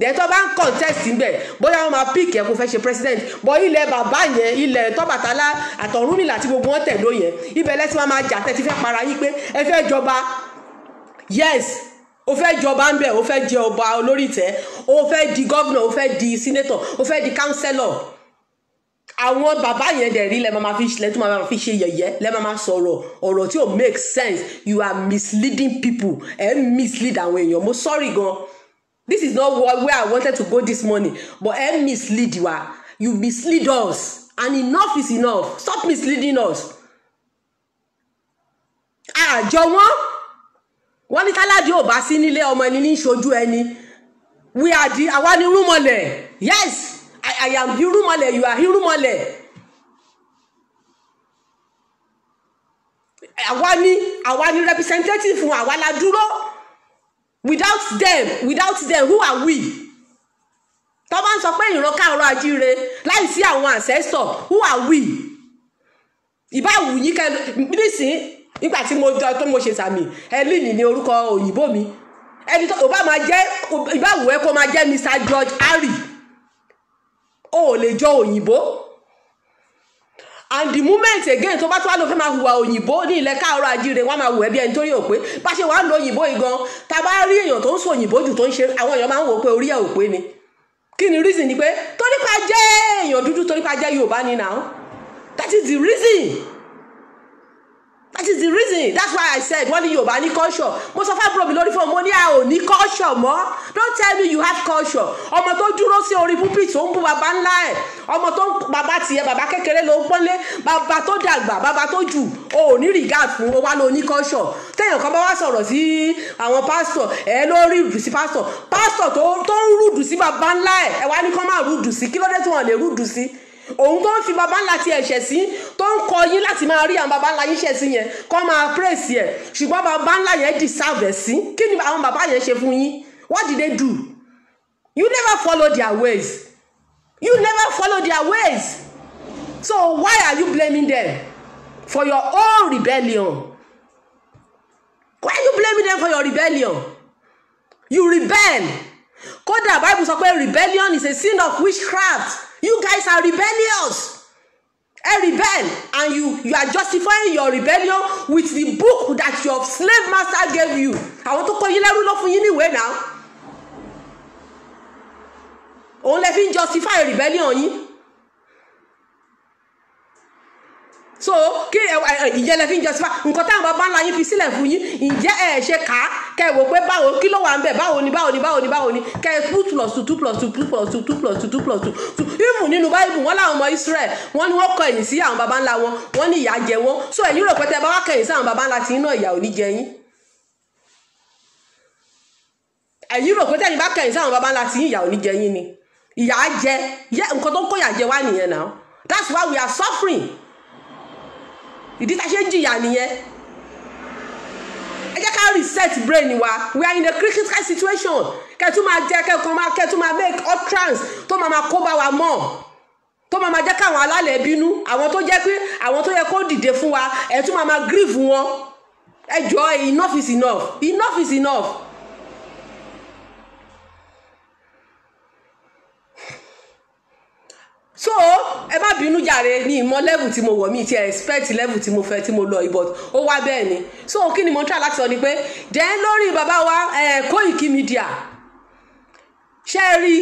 dẹ̀ tó bá ń contest ńbẹ̀ bóyá wọn máa pick ẹ̀ kó fẹ́ ṣe president bọ ilẹ̀ bàbá yẹn ilẹ̀ tọ́bàtálá àtọ̀rúnmìlà tí gbogbo wọn tẹ̀dó yẹn ibẹ̀ lẹ́sìn máa máa jà tẹ́tí fẹ́ para yín pé ẹ fẹ́ jọba yes o fẹ́ jọba ńbẹ̀ o fẹ́ jẹ ọba olórí tẹ́ o fẹ́ di governor o fẹ́ di senator o fẹ́ di councillor àwọn bàbá yẹn dẹ̀ rí lẹ́ẹ̀ máa fi lẹ́ẹ̀ tó máa fi ṣe yẹ̀yẹ́ lẹ́ẹ̀ máa sọ̀rọ̀ ọ̀rọ̀ tí ò make sense you are misleading people ẹ̀ ń mislead àwọn èèyàn mo sorry gan this is not where I wanted to go this morning but ẹ̀ ń mislead wa you mislead us and enough is enough stop misleading us àjọ wọn wọn ní táládì ò bá sí nílé ọmọ ẹni ní ìṣojú ẹni we are the àwa ni rúmọlẹ̀ yes. I, I am Irúnmọlẹ̀ you are Irúnmọlẹ̀ àwa ni àwa ni representative fún àwa la dúró without them without them who are we tó bá ń sọ pé ìran káàárọ̀ see láì sí àwọn ancestor who are we ìbáwù yìí kẹ nísìnyí nígbà tí mo tó mo ṣe sàmì Helen ní orúkọ òyìnbó mi ẹni tó bá máa jẹ́ ìbáwù ẹ kó máa jẹ́ Mr George o ò lè jọ òyìnbó and the moment again tó bá tó wà ló fẹ́ máa hùwà òyìnbó ní ilẹ̀ káàárọ̀ àjíire wọ́n máa hùwà ẹbí ẹni tó rí òpé bá ṣe wàá lo òyìnbó yìí gan ta bá rí èèyàn tó ń sọ òyìnbó jù tó ń ṣe àwọn èèyàn máa ń wò pé orí ẹ̀ òpé ni kí ni reason ni pé torípa jẹ́ èèyàn dúdú torípa jẹ́ Yorùbá ni now that is the reason that is the reason that's why i said wọ́n ní yorùbá ní culture mo sọ fábúrò mi lórí fóònù mo ní a ò culture mọ́ don't tell me you have culture ọmọ tó dúró sí orí púpì tó ń bú baba ńlá ẹ̀ ọmọ tó ń baba tiẹ̀ baba kékeré ló ń pọ́nlé baba tó dàgbà baba tó jù o ò ní regard fún o wá ló ní culture téèyàn kan bá wá sọ̀rọ̀ sí àwọn pásítọ̀ ẹ ló rí rùdù sí pásítọ̀ pásítọ̀ tó ń rùdù sí baba ńlá ẹ̀ ẹ wá ní kán má rùdù sí kí ló dé tí wọ́n lè rùdù sí òun tó ń fi baba ńlá ti ẹ̀ṣẹ̀ sí tó ń kọ yín láti máa rí àwọn baba ńlá yín ṣẹ̀ sí yẹn kọ́ máa praise yẹn ṣùgbọ́n baba ńlá yẹn deserve ẹ̀ sí kí ni àwọn baba yẹn ṣe fún yín what did they do you never follow their ways you never follow their ways so why are you blaming them for your own rebellion why are you blaming them for your rebellion you rebel kódà bible sọ pé rebellion is a sin of witchcraft you guys are rebellious a rebel and you you are justifying your rebellion with the book that your slave master gave you àwọn tó kọ yín lẹ́rú ló fún yín níwèé náà òun lè fi justify rebellion yín so kí ìjẹ́ lẹ fi ń justify nǹkan táwọn bàbá ńlá yín fi sílẹ̀ fún yín ǹjẹ́ ẹ ṣe kà á kẹ ẹ wò pé báwo kí ló wà ń bẹ̀ báwo ni báwo ni báwo ni báwo ni kẹ ẹ two plus two two plus two two plus two two plus two two plus two two even nínú báyìbù wọn làwọn ọmọ Israel wọn ni wọn kọ ẹ̀yìn sí àwọn bàbá ńlá wọn wọn ní ìyà jẹ wọn so ẹ̀yin rò pé tẹ bá wá kẹ̀yìn sí àwọn bàbá ńlá tí iná ìyà ò ní jẹ yín ẹ̀yin rò pé tẹ̀yin bá kẹ̀yìn sí àwọn bàbá ńlá tí ìyà ò ní jẹ yín ni ìyà jẹ nǹkan tó ń kó ìyà jẹ wá nìyẹn náà that's why we are suffering ìdí tá a ṣe ń jìyà nìyẹn ẹ jẹ́ ká reset brain wa we are in a critical situation kẹtù máa jẹ kẹkọọ máa kẹtù máa make utterance tó máa máa kó bá wa mọ tó máa máa jẹ́ káwọn alálẹ̀ bínú àwọn tó jẹ́ pé àwọn tó yẹ kó dìde fún wa ẹ̀ tún máa máa grieve wọn ẹ jọ enough is enough enough is enough. so ẹ má bínú jàre ní ìmọ̀ level tí mo wọ̀ mí ti expect level tí mo fẹ́ tí mo lọ ibot ó wá bẹ́ẹ̀ ni so kí ni mo ń try láti sọ ni pé then lórí bàbá wa Koiki Media ṣe é rí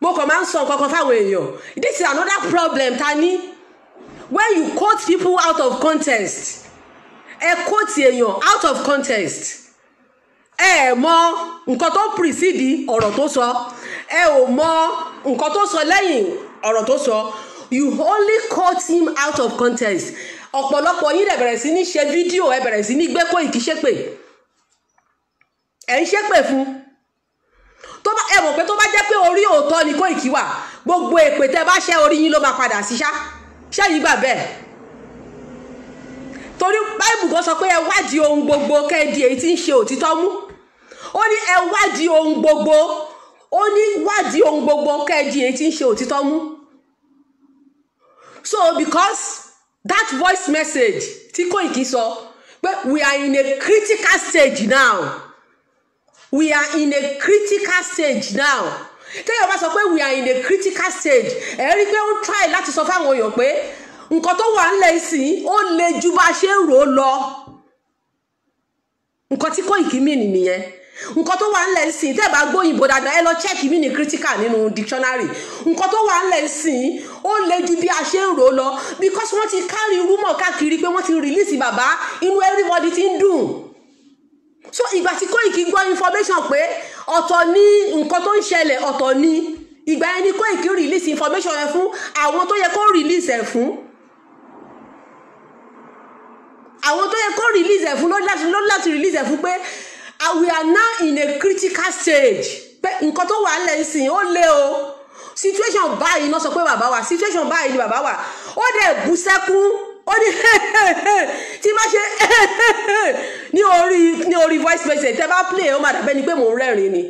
mo kàn máa ń sọ nǹkan kan fáwọn èèyàn this is another problem ta ni when you quote people out of context ẹ quote èèyàn out of context ẹ mọ nǹkan tó precede ọ̀rọ̀ tó sọ ẹ ò mọ nǹkan tó sọ lẹ́yìn ọ̀rọ̀ tó sọ you only cut him out of context ọ̀pọ̀lọpọ̀ yín rẹ̀ bẹ̀rẹ̀ sí ní ṣe fídíò ẹ bẹ̀rẹ̀ sí ní gbé kó ìkí ṣépè ẹ̀ ń ṣépè fún tó bá ẹ mọ̀ pé tó bá jẹ́ pé orí òótọ́ ni kó ìkí wà gbogbo èpè tẹ́ bá ṣẹ́ orí yín ló máa padà sí ṣá ṣẹ́yìn gbà bẹ́ẹ̀ torí báìbù kan sọ pé ẹ wádìí ohun gbogbo kẹ́ẹ̀dì èyí tí ń ṣe òtítọ́ mú ó ní ẹ wádìí ohun gbogbo ó ní wádìí ohun gbogbo kẹ́ẹ̀dì èyí tí ń ṣe òtítọ́ mú so because that voice message tí Koiki sọ pé we are in a critical stage now we are in a critical stage now téèyàn bá sọ pé we are in a critical stage ẹ rí i pé ó ń try láti sọ fáwọn èèyàn pé nǹkan tó wà ńlẹ̀ ìsìn ó le ju bá a ṣe ń rò ó lọ nǹkan tí Koiki mean nìyẹn nǹkan tó wà ńlẹ̀ ńsìn tẹ́ ẹ̀ bá gbóyìnbó dáadáa ẹ lọ chẹ́ẹ̀kì mí ní critical nínú dictionary nǹkan tó wà ńlẹ̀ ńsìn ó le ju bí a ṣe ń rò lọ because wọ́n ti carry rumor káàkiri pé wọ́n ti release bàbá inú everybody ti ń dùn so ìgbà tí Koiki gbọ́ information pé ọ̀tọ̀ ni nǹkan tó ń ṣẹlẹ̀ ọ̀tọ̀ ni ìgbà yẹn ni Koiki release information ẹ̀ fún àwọn tó yẹ kó release ẹ̀ fún àwọn tó yẹ kó release ẹ̀ fún ló láti release ẹ̀ fún pé and we are now in a critical stage pé nǹkan tó wà lẹ́yìn sìn ó lé o situation báyìí náà sọ pé bàbá wa situation báyìí ni bàbá wa ó dẹ̀ bú sẹ́kún ó ní tí bá ṣe ní orí ní voice message tẹ́ bá play ó máa dàbẹ́ ni pé mò ń ni.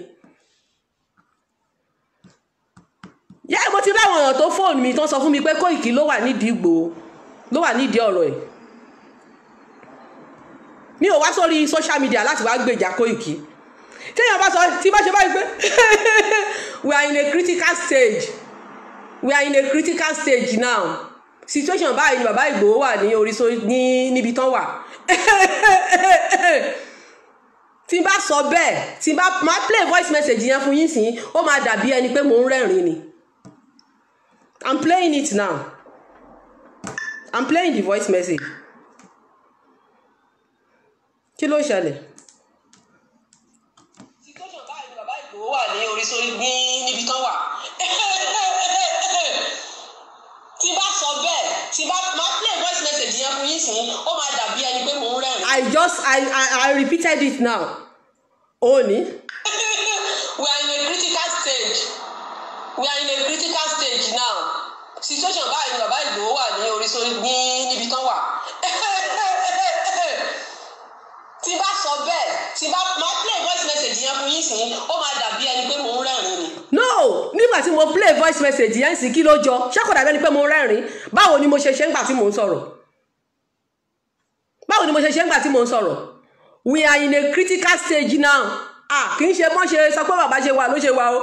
yẹ́n mo ti rí àwọn èèyàn tó fóònù mi tó sọ fún mi pé Kóìkì ló wà nídìí Ìgbòho ló wà nídìí ọ̀rọ̀ ẹ̀ mi ò wá sórí social media láti wá gbèjà Koiki téèyàn bá sọ tí bá ṣe báyìí pé we are in a critical stage we are in a critical stage now situation báyìí ni bàbá Ìgbòho wà ní orí so ní níbi tán wà tí n bá sọ bẹ́ẹ̀ tí n bá máa play voice message yẹn fún yín sí ó máa dàbí ẹni pé mò ń rẹ́rìn ni I'm playing it now I'm playing the voice message kí ló ṣẹlẹ̀. I just I, I I repeated it now. only. we are in a critical stage we are in a critical stage now situation by ni bàbá ìgbòho wà ní oríṣiríṣi ní níbi tán wà. tí bá sọ bẹ́ẹ̀ tí bá máa play voice message yẹn fún yín sìn ó máa dàbí ẹni pé mò ń rẹ́rìn ni. no nígbà tí mo play voice message yẹn sì kí ló jọ ṣẹ́kọ̀ dàbí ẹni pé mo ń rẹ́rìn báwo ni mo ṣe ṣe ń gbà tí mò ń sọ̀rọ̀ báwo ni mo ṣe ṣe ń gbà tí mò ń sọ̀rọ̀ we are in a critical stage now ah kì í ṣe mọ́ ṣe sọ pé bàbá ṣe wà ló ṣe wà o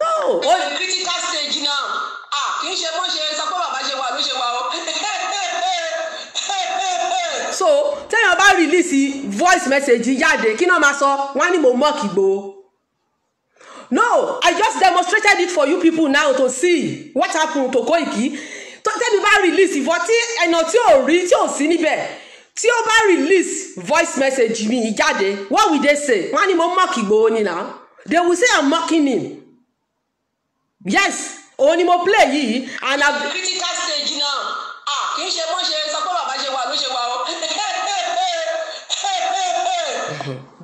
no. ó ní critical stage now kì ṣe bọ́n ṣe sọ pé bàbá ṣe wà ló ṣe wà o. so téèyàn bá release voice message jáde kí náà máa sọ wọn ni mo mọ̀ kìgbó. no i just demonstrated it for you people now to see what happened to Koiki tó tẹ́bi bá release ìfọ́ tí ẹ̀nà tí ò rí tí ò sí níbẹ̀ tí ó bá release voice message mi jáde what will they say wọ́n á ní mo mock Ìgbòho ni now they will say i'm mocking him yes òun ni mo play yìí and I've. critical stage náà ah kì í ṣe bó ṣe sọ pé bàbá ṣe wà ló ṣe wà o.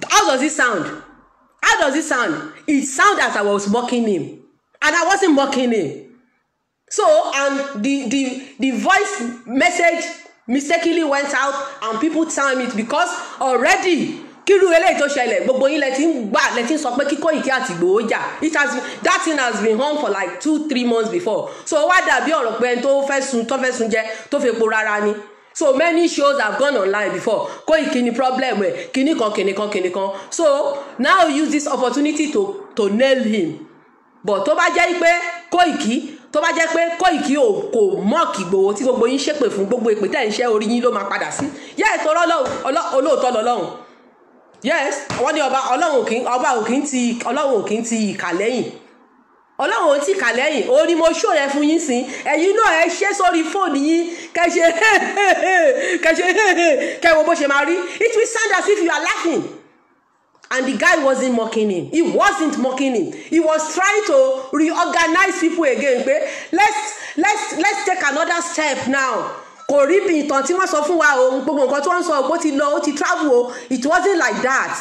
how does it sound how does it sound it sound as I was mocking him and I wasn't mocking him so and the the the voice message mistakenly went out and people time it because already kírú eléyìí tó ṣẹlẹ̀ gbogbo yín lẹ ti ń gbà lẹ ti ń sọ pé kíkọ́ ìkí àti Ìgbòho jà it has been that thing has been on for like two three months before so wá dàbí ọ̀rọ̀ pé ẹni tó fẹ́ sun tó fẹ́ sun jẹ tó fi po rárá ni so many shows have gone online before Koiki ni problem ẹ kìnnì kan kìnnì kan kìnnì kan so now use this opportunity to to nail him but tó bá jẹ́ pé Koiki tó bá jẹ́ pé Koiki ò kò mọ́ọ̀kì Ìgbòho tí gbogbo yín ṣépè fún gbogbo èpè tẹ̀ ń ṣẹ́ orí yín ló máa padà sí yẹ́ ètò ọlọ́ọ̀tọ́ lọ́lọ́run yes wọ́n ní ọba ọlọ́run kì í ọba ò kì í ti ọlọ́run ò kì í ti ìkà lẹ́yìn ọlọ́run ò tí kà lẹ́yìn ó ní mo ṣó yẹn fún yín sí ẹ̀yin náà ẹ ṣe sórí fóònù yín kẹṣe kẹṣe kẹwo bó ṣe máa rí it will sound as if you are laughing and the guy wasn't mocking him he wasn't mocking him he was trying to reorganize people again pé let's let's let's take another step now kò rí bí ìtàn tí wọ́n sọ fún wa òun gbogbo nǹkan tí wọ́n sọ òpó ti lọ ó ti travel o it wasn't like that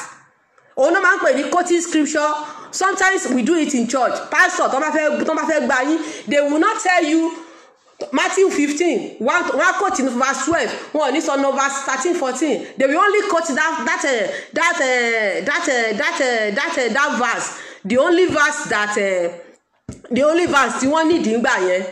òun náà máa ń pè ní quoting scripture sometimes we do it in church pastor tó bá fẹ́ tó bá fẹ́ gba yín they will not tell you Matthew fifteen one one quote in verse twelve wọn ò ní sọ verse thirteen fourteen they will only quote that that uh, that uh, that uh, that uh, that uh, that verse the only verse that uh, the only verse tí wọ́n nídìí ń gbà yẹn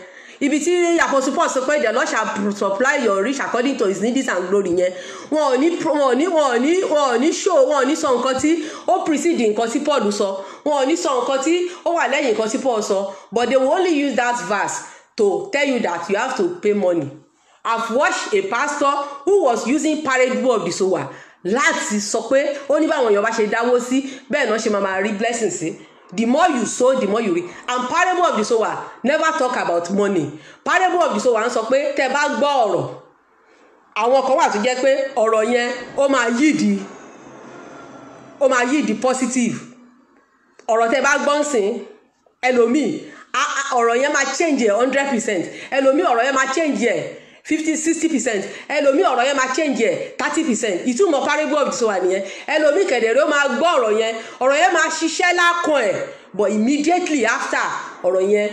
ibi tí apostle paul sọ pé the lord shall supply your rich according to his needs and glory yẹn wọn ò ní wọn ò ní wọn ò ní wọn ò ní show wọn ò ní sọ nǹkan tí ó precede nǹkan tí paul sọ wọn ò ní sọ nǹkan tí ó wà lẹ́yìn nǹkan tí paul sọ but they will only use that verse to tell you that you have to pay money i've watched a pastor who was using parable of the sower láti sọ pé ó ní báwọn èèyàn bá ṣe dáwó sí bẹ́ẹ̀ náà ṣe máa máa rí blessing sí. Si the more you sow the more you reap and parable of the sower never talk about money parable of the sower ń sọ pé tẹ́ bá gbọ́ ọ̀rọ̀ àwọn kan wà tó jẹ́ pé ọ̀rọ̀ yẹn ó máa yídi ó máa yídi positive ọ̀rọ̀ tẹ́ bá gbọ́ ń sìn ẹlòmíì ọ̀rọ̀ yẹn máa change ẹ̀ hundred percent ẹlòmíì ọ̀rọ̀ yẹn máa change ẹ̀ fifty sixty percent ẹlòmíì ọ̀rọ̀ yẹn máa change ẹ̀ thirty percent ìtumọ̀ parable of tiwa nìyẹn ẹlòmíì kẹ̀dẹ̀rẹ́ ó máa gbọ́ ọ̀rọ̀ yẹn ọ̀rọ̀ yẹn máa ṣiṣẹ́ lákàn ẹ̀ but immediately after ọ̀rọ̀ yẹn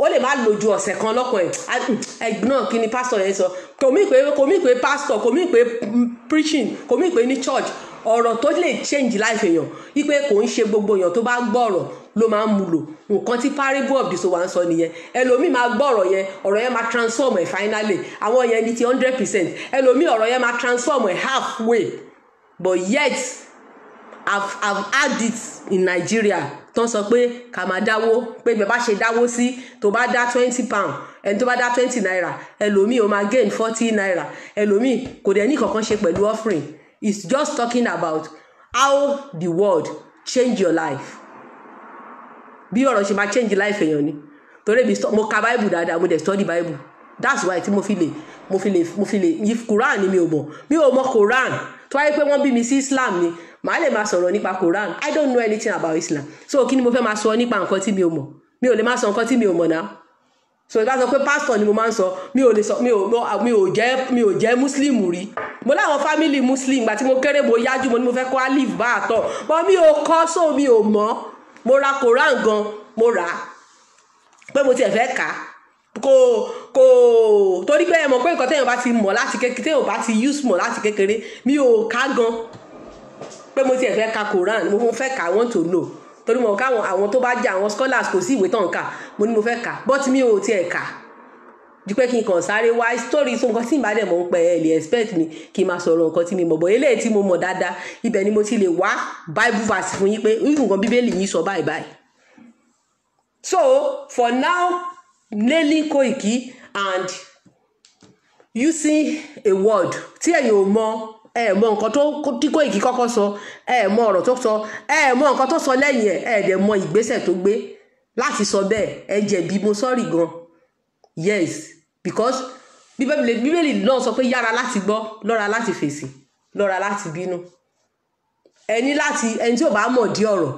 o lè má lò ju ọ̀sẹ̀ kan lọ́kàn ẹ̀ ẹ̀gbọ́n kí ni pásítọ̀ yẹn sọ kò mí pé kò mí kò mí pé mm, preaching kò mí pé ní church ọ̀rọ̀ tó lè change life èèyàn wípé kò ń ṣe gbogbo èèyàn tó bá gbọ́ ọ̀rọ̀ ló máa ń mu lò nǹkan tí parable of the sower ń sọ nìyẹn ẹlòmíì máa gbọ́ ọ̀rọ̀ yẹn ọ̀rọ̀ yẹn máa transform ẹ̀ finally àwọn yẹn ní ti hundred percent ẹlòmíì ọ̀rọ̀ yẹn máa transform ẹ̀ halfway but yet I've, I've had it in Nigeria tán sọ pé ká máa dáwó pé bẹ́ẹ̀ bá ṣe dáwó sí tó bá dá twenty pound ẹni tó bá dá twenty naira ẹlòmíì ó máa gain forty naira ẹlòmíì kò dẹ̀ ní kankan ṣe pẹ̀lú offering is just talking about how the world change your life bí ọ̀rọ̀ ṣe máa change life èèyàn ni torí mi mo ka bible dáadáa mo dẹ̀ study bible that's why tí mo fi lè mo fi lè mo fi lè if quran ni mi ò mọ̀ mi ò mọ̀ quran tó wáyé pé wọ́n bí mi sí islam ni màá lè máa sọ̀rọ̀ nípa quran i don't know anything about islam so kí ni mo fẹ́ máa sọ nípa nǹkan tí mi ò mọ̀ mi ò lè máa sọ nǹkan tí mi ò mọ̀ náà so ìbá sọ pé pásítọ̀ ni mo máa ń sọ mi ò lè sọ mi ò mi ò jẹ́ mi ò jẹ́ muslim rí mo láwọn fámìlì muslim gbà tí mo kéré mo yájú mo ní mo fẹ́ kọ́ alif bá a tọ̀ bọ́ mi ò kọ́ so mi ò mọ̀ mo ra koran gan mo rà á pé mo tiẹ̀ fẹ́ kà á kò kò torí pé ẹ mọ̀ pé nǹkan téèyàn bá ti mọ̀ láti kékeré téèyàn bá ti use mọ̀ láti kékeré mi ò ká gan pé mo tiẹ̀ fẹ́ ka koran mo fẹ́ kà i want to know torí mo káwọn àwọn tó bá jẹ àwọn scholars kò sí ìwé tán kà mo ní mo fẹ́ kà but mi ò tiẹ̀ kà ju pé kí n kàn sáré wá story so nǹkan tí n bá dẹ̀ mọ̀ ń pẹ́ ẹ lè expect mi kí n máa sọ̀rọ̀ nǹkan tí mi mọ̀ bọ̀ eléyìí tí mo mọ̀ dáadáa ibẹ̀ ni mo ti lè wá bible verse fún yín pé irú nǹkan bíbélì yìí sọ báyìí báyìí so for now Nelly Koiki and using a word tí ẹ̀yin ò mọ̀ ẹ mọ nǹkan tó tí Koiki kọ́kọ́ sọ ẹ mọ ọ̀rọ̀ tó sọ ẹ mọ nǹkan tó sọ lẹ́yìn ẹ ẹ dẹ̀ mọ ìgbésẹ̀ tó gbé láti sọ bẹ́ẹ̀ ẹ jẹ̀bi mo sọ́ọ̀rì gan yes because bíbélì bíbélì náà sọ pé yára láti gbọ́ lọ́ra láti fèsì lọ́ra láti bínú ẹni láti ẹni tí ò bá mọ̀ dí ọ̀rọ̀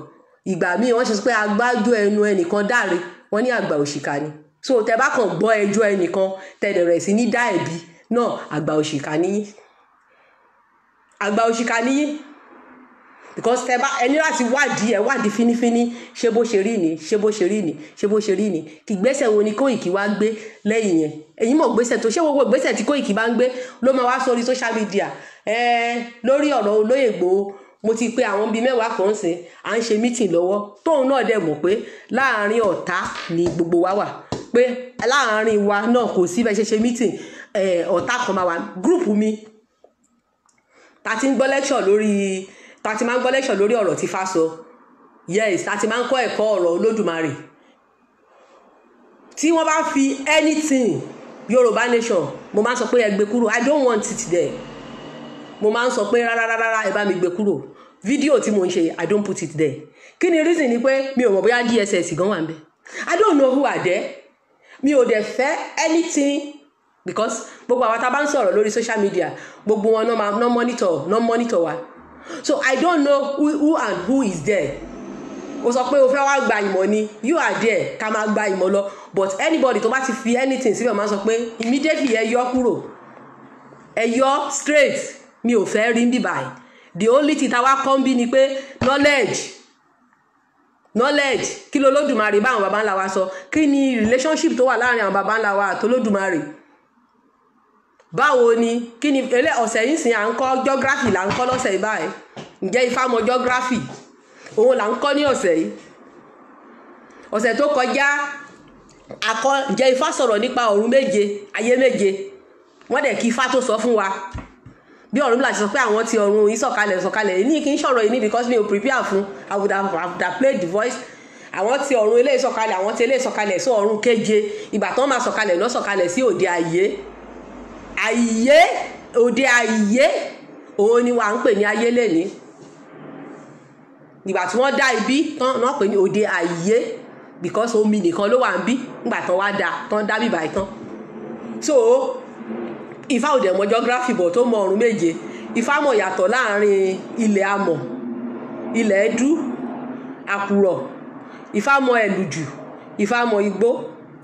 ìgbà míì wọ́n ṣe pé agbájú ẹnu ẹnìkan dáre wọ́n ní àgbà òṣìkà ni so tẹ bá kàn gbọ́ ẹjọ́ ẹnìkan tẹ dẹ̀rẹ̀ sí ní dá ẹ̀bi náà àgbà òṣìkà níyìn àgbà òṣìkà níyí because tẹ bá ẹni láti wádìí ẹ wádìí fínífíní ṣé bó ṣe rí ni ṣé bó ṣe rí ni ṣé bó ṣe rí ni kì gbésẹ̀ wo ni Kóìkì wá gbé lẹ́yìn yẹn èyí mọ̀ gbésẹ̀ tó ṣé gbogbo gbésẹ̀ tí Kóìkì bá ń gbé ló máa wá sórí social media ẹ lórí ọ̀rọ̀ olóyè Ìgbòho mo ti pe àwọn bíi mẹ́wàá kan ṣe à ń ṣe meeting lọ́wọ́ tóun náà dẹ̀ mọ̀ pé láàárín ọ̀tá ni gbogbo wa wà pé láàárín wa náà kò sí bẹ́ẹ̀ ṣe ṣe meeting ọ̀tá kan máa wà group mi ta ti ń gbọ́ lecture lórí ta ti máa ń gbọ́ lecture lórí ọ̀rọ̀ tí Ifá sọ yes ta ti máa ń kọ́ ẹ̀kọ́ ọ̀rọ̀ Olódùmarè tí wọ́n bá fi anything Yorùbá nation mo máa ń sọ pé ẹ gbé kúrò I don't want it there mo máa ń sọ pé rárá rárá ẹ bá mi gbé kúrò fídíò tí mo ń ṣe I don't put it there kí ni reason ni pé mi ò mọ̀ bóyá DSS gan wà ń bẹ̀ I don't know who are there mi ò dẹ̀ fẹ́ anything because gbogbo àwọn tá a bá ń sọ̀rọ̀ lórí social media gbogbo wọn náà monitor náà monitor wa so i don't know who, who and who is there o sọ pé o fẹ́ wá gba ìmọ̀ ni you are there ká máa gba ìmọ̀ lọ but anybody tó bá ti fi anything síbẹ̀ máa sọ pé immediately ẹ yọ kúrò ẹ yọ straight mi ò fẹ́ rí bíbà yìí the only thing tá a wá kọ́ ń bí ni pé knowledge knowledge kí lolódùmarè bá àwọn baba ńlá wa sọ kí ni relationship tó wà láàrin àwọn baba ńlá wa àtolódùmarè báwo ni kí ni elé ọ̀sẹ̀ yìí sìn à ń kọ́ geography là ń kọ́ lọ́sẹ̀ yìí báyìí ǹjẹ́ ifá geography òun là ń kọ́ ní ọ̀sẹ̀ yìí ọ̀sẹ̀ tó kọjá akọ ǹjẹ́ ifá sọ̀rọ̀ nípa ọ̀run méje ayé méje wọ́n dẹ̀ kí ifá tó sọ fún wa bí ọ̀run bílà ti sọ pé àwọn ti ọ̀run yìí sọ̀kalẹ̀ sọ̀kalẹ̀ ní kí n sọ̀rọ̀ yìí ní because mi ò prepare fún I would have, have played the voice àwọn ti ọ̀run eléyìí sọ̀kalẹ̀ àwọn ti eléyìí sọ̀kalẹ̀ sí ọ̀run keje ìgbà tán máa sọ̀kalẹ̀ náà sọ̀kalẹ̀ sí òde ayé àyè òde àyè òun ni wà ń pè ní ayé lẹ́ni ìgbà tí wọ́n dá ibi tán náà pè ní òde àyè because omi nìkan ló wà ń bí nígbà tán wá da tán dá bíbá ìtàn so ifá òde mọ geography bọ̀ tó mọ ọ̀run méje ifá mọ̀ yàtọ̀ láàrin ilẹ̀ amọ̀ ilẹ̀ ẹdú àkùrọ̀ ifá mọ̀ ẹ̀lùjù ifá mọ̀ igbó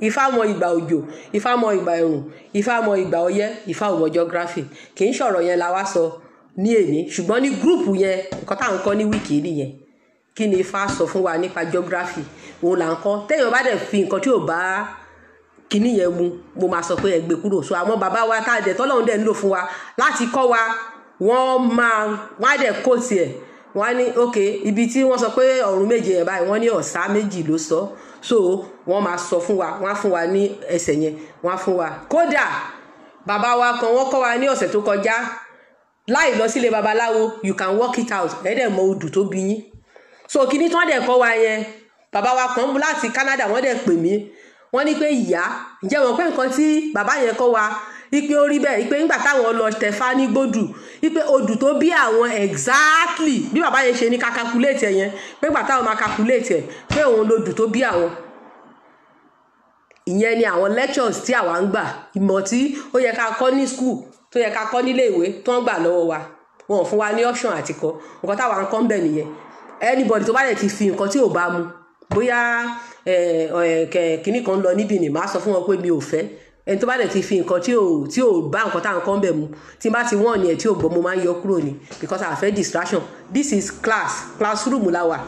ifá mọ ìgbà òjò ifá mọ ìgbà ẹ̀rùn ifá mọ ìgbà ọyẹ́ ifá ò mọ geography kì í ṣọ̀rọ̀ yẹn la wá sọ ní èní ṣùgbọ́n ní gúrùpù yẹn nǹkan táwọn kọ́ ní wíìkì nìyẹn kí ni ifá sọ fún wa nípa geography òun là ń kọ́ téèyàn bá dẹ̀ fi nǹkan tí ò bá kíní yẹn mu mo máa sọ pé ẹ gbé kúrò so àwọn bàbá wa tá a dẹ̀ tọ́lọ́run dẹ̀ ń lò fún wa láti kọ́ wa wọ́n máa wọ́n á dẹ̀ kó tiẹ̀ wọ́n á ní ok ibi tí wọ́n sọ pé ọ̀run méje yẹn báyìí wọ́n ní ọ̀sá méjì ló sọ so wọ́n máa sọ fún wa wọ́n á fún wa ní ẹsẹ̀ yẹn wọ́n á fún wa kódà bàbá wa kan wọ́n kọ́ wa ní ọ̀sẹ̀ tó kọjá láì lọ sílé babaláwo you can work it out ẹ̀ẹ́dẹ̀ mọ odù tó bí yín so kíní tí wọ́n dẹ̀ kọ́ wa yẹn bàbá wa kan láti Canada wọ́n dẹ̀ pè mí wọ́n ní pé ìyá ǹjẹ́ wọ́n pé nǹkan tí bàbá yẹn kọ́ wa ipe ó rí bẹ́ẹ̀ ipe nígbà táwọn lọ tẹ̀fá ní gbódù ipe odù tó bí àwọn exactly bí bàbá yẹn ṣe ní ká calculate yẹn pé nígbà táwọn máa calculate pé òun lodù tó bí àwọn ìyẹn ni àwọn lectures tí àwa ń gbà ìmọ̀ tí ó yẹ ká kọ́ ní school tó yẹ ká kọ́ nílé ìwé tó ń gbà lọ́wọ́ wa wọn ò fún wa ní option àti kọ́ nǹkan táwa ń kọ́ ń bẹ̀ nìyẹn anybody tó bá lè ti fi nǹkan tí ò bá mu bóyá eh, eh, kìnnìkan lọ níbì ni màá sọ fún wọn pé mi ò fẹ́ ẹni tó bá dẹ̀ ti fi nǹkan tí ò tí ò bá nǹkan tá à ń kọ́ ń bẹ̀ mu tí n bá ti wọ́n ni ẹ̀ tí ò gbọ́ mo máa ń yọ kúrò ni because I fẹ́ distraction this is class classroom la wà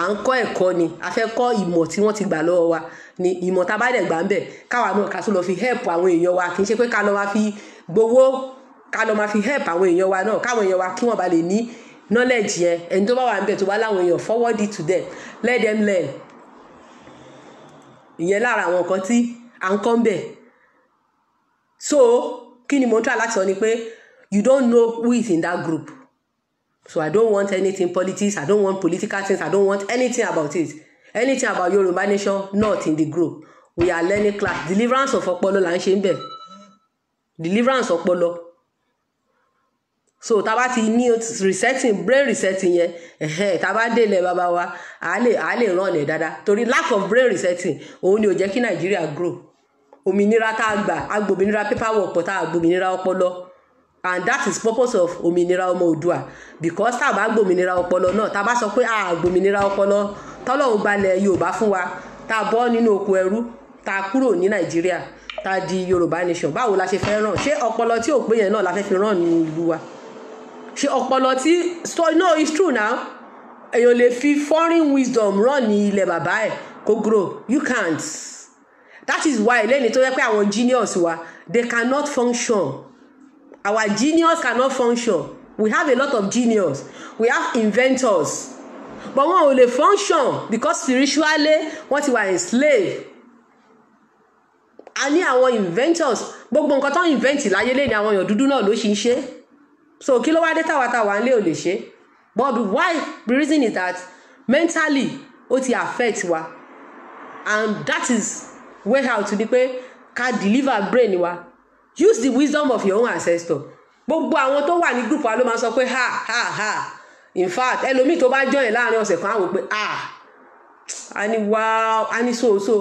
à ń kọ́ ẹ̀kọ́ ni a fẹ́ kọ́ ìmọ̀ tí wọ́n ti gbà lọ́wọ́ wa ni ìmọ̀ tá a bá dẹ̀ gbà ń bẹ̀ káwa náà ká tún lọ fi help àwọn èèyàn wa kì í ṣe pé ká lọ máa fi gbowó ká lọ máa fi help àwọn èèyàn wa náà káwọn èèyàn wa kí wọ́n bá lè ní knowledge yẹn ẹni tó bá wà níbẹ̀ tó bá láwọn èèyàn forward it to them let them learn ìyẹn lára àwọn nǹkan tí à ń kọ́ ń bẹ̀ so kí ni mo ń try láti sọ ni pé you don't know who is in that group so i don't want anything politics i don't want political things i don't want anything about it anything about Yorùbá nation not in the group we are learning class deliverance of ọpọlọ là ń ṣe ń bẹ deliverance ọpọlọ so taba ti ní resetting brain resetting yẹn ẹhẹn tá a bá délẹ̀ bàbá wa a lè a lè ràn ẹ̀ dáadáa torí lack of brain resetting òun ni ò jẹ́ kí Nàìjíríà grow òmìnira tá a gbà a gbòmìnira paperwork tá a gbòmìnira ọpọlọ and that is purpose of òmìnira ọmọ Oòduà because tá a bá gbòmìnira ọpọlọ náà tá a bá sọ pé a gbòmìnira ọpọlọ tọ́lọ́hun gbalẹ̀ Yorùbá fún wa tá a bọ́ nínú oko ẹrú tá a kúrò ní Nàìjíríà tá a di Yorùbá nation báwo la ṣe fẹ́ ràn ṣé ọpọlọ tí ò pé yẹn náà la fẹ́ fi ràn ní ìlú wa ṣe ọpọlọ tí so no it's true now èèyàn lè fi foreign wisdom ràn ní ilẹ̀ bàbá ẹ̀ kó grow you can't that is why lẹ́ni tó yẹ pé àwọn genius wa they cannot function our genius cannot function we have a lot of genius we have inventors but wọn ò lè function because spiritually wọn ti wà enslaved a ní àwọn inventors gbogbo nǹkan tó ń invent láyé lẹ́ni àwọn èèyàn dúdú náà ló ṣì ń ṣe so kí ló wá dé táwa táwa ńlé ò lè ṣe but why the reason is that mentally ó ti affect wa and that is way out ni pé ká deliver brain wa use the wisdom of your own ancestor gbogbo àwọn tó wà ní group wa ló máa sọ pé ha ha ha in fact ẹlòmíì tó bá join láàrin ọ̀sẹ̀ kan á wò pé ah ani wow ani so so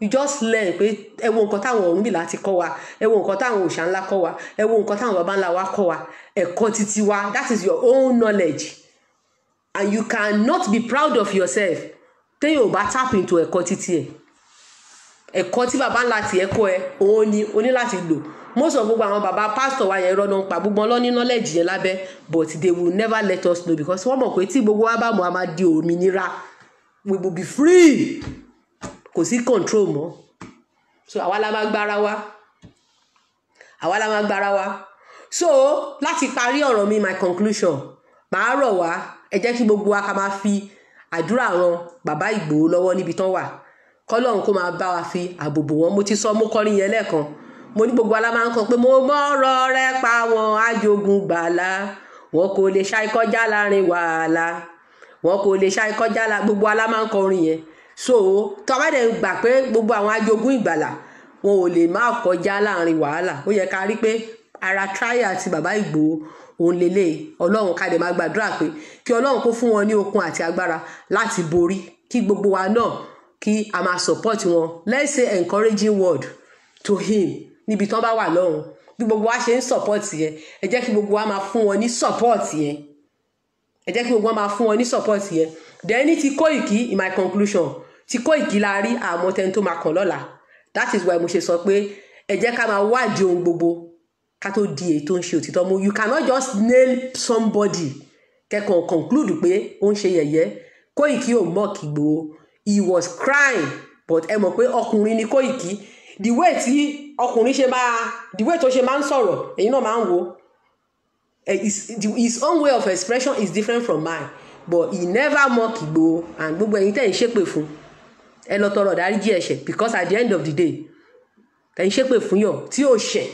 you just learn pé ẹ wo nǹkan táwọn ọ̀hún bì láti kọ́ wa ẹ wo nǹkan táwọn òòṣà ńlá kọ́ wa ẹ wo nǹkan táwọn baba ńlá wa kọ́ wa ẹ̀kọ́ títí wa that is your own knowledge and you cannot be proud of yourself téèyàn ò bá tap into ẹ̀kọ́ títí ẹ̀ ẹ̀kọ́ tí bàbá ńlá tiẹ̀ kọ́ ẹ òun ni o ní láti lò most of gbogbo àwọn bàbá pásítọ̀ wa yẹn rọ́nà pa gbogbo ọlọ́ní knowledge yẹn lábẹ́ but they will never let us know because wọ́n mọ̀ pé tí gbogbo wa bá mọ̀ a máa di òmìnira we will be free kò sí control mọ́ so àwa la máa gbára wa àwa la máa gbára wa so láti parí ọ̀rọ̀ mi my conclusion màá rọ̀ wá ẹ jẹ́ kí gbogbo wa ká máa fi àdúrà ran bàbá Ìgbòho lọ́wọ́ níbi tán wà kọ́lọ́run kó máa bá wa fi àbòbò wọn mo ti sọ mo kọrin yẹn lẹ́ẹ̀kan mo ní gbogbo aláma kan pé mo mọ̀rọ̀ rẹ pa wọn ajogun gbàlà wọn kò lè ṣàì kọjá láàrin wàhálà wọn kò lè ṣàì la gbogbo aláma kọrin yẹn so tọ́ba dẹ̀ gbà pé gbogbo àwọn ajogun ìgbàlà wọn ò lè má kọjá láàrin wàhálà ó yẹ ká rí pé ara tráyà àti bàbá Ìgbòho òun lélẹ̀ ọlọ́run ká dẹ̀ máa gbàdúrà pé kí ọlọ́run kó fún wọn ní okun àti agbára láti borí kí gbogbo wa náà kí a máa support wọn let's say encouraging word to him níbi tán bá wà lọ́hùn bí gbogbo wa ṣe ń support yẹn ẹ jẹ́ kí gbogbo wa máa fún wọn ní support yẹn ẹ jẹ́ kí gbogbo wa máa fún wọn ní support yẹn then ní ti Koiki in my conclusion ti Koiki la rí àmọ́ tẹni tó máa kàn lọ́la that is why mo ṣe sọ pé ẹ jẹ́ ká máa wádìí ohun gbogbo ká tó di èyí tó ń ṣe òtítọ́ mú you cannot just nail somebody kẹ́kọ̀ọ́ conclude pé ó ń ṣe yẹ̀yẹ́ Koiki ò mọ̀ kí gbòó he was crying but ẹ mọ̀ pé ọkùnrin ni Koiki the way tí ọkùnrin ṣe máa the way tó ṣe máa ń sọ̀rọ̀ èyí náà máa ń wo his own way of expression is different from mine but he never mock Igboho and gbogbo ẹ̀yin tẹ̀ ń ṣépè fún ẹ lọ tọrọ dáríjì ẹ̀ṣẹ̀ because at the end of the day ẹ̀ ń ṣépè fún yọ tí ò ṣẹ̀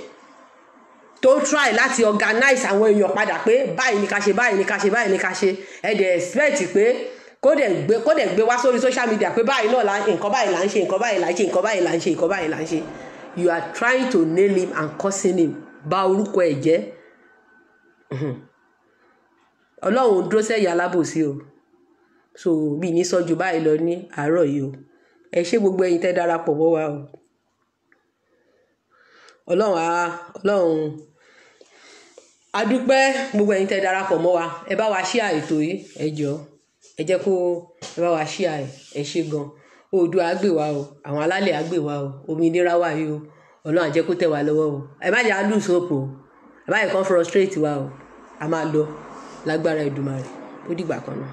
tó try láti organize àwọn èèyàn padà pé báyìí ni ká ṣe báyìí ni ká ṣe báyìí ni ká ṣe ẹ dẹ̀ expect pé kó dẹ̀ gbé kó dẹ̀ gbé wá sórí social media pé báyìí náà la nǹkan báyìí là ń ṣe nǹkan báyìí là ń ṣe nǹkan báyìí là ń ṣe nǹkan báyìí là ń ṣe you are trying to nail him and cursing him bà orúkọ ẹ̀ jẹ́ ọlọ́run dúró sẹ́yìn alábòsí o so bí ní sọ́jú báyìí lọ ní àárọ̀ yìí o ẹ ṣé gbogbo ẹ̀yin tẹ́ darapọ̀ mọ́ wa o ọlọ́run á ọlọ́run adúpẹ́ gbogbo ẹ̀yin tẹ́ darapọ̀ mọ́ wa ẹ bá wa ṣí àìtó yìí ẹ jọ̀ọ́ ẹ jẹ́ kó ẹ bá wa share rẹ̀, ẹ ṣe gan. Oòduà á gbè wa o, àwọn alálẹ̀ á gbè wa o, òmìnira wà yí o, Ọlọ́run á tẹ̀ wá lọ́wọ́ o. Ẹ má jẹ́ a lose ẹ má jẹ́ kí frustrate wa o. A máa lọ lágbára Èdùmàrè, ó dìgbà kan náà.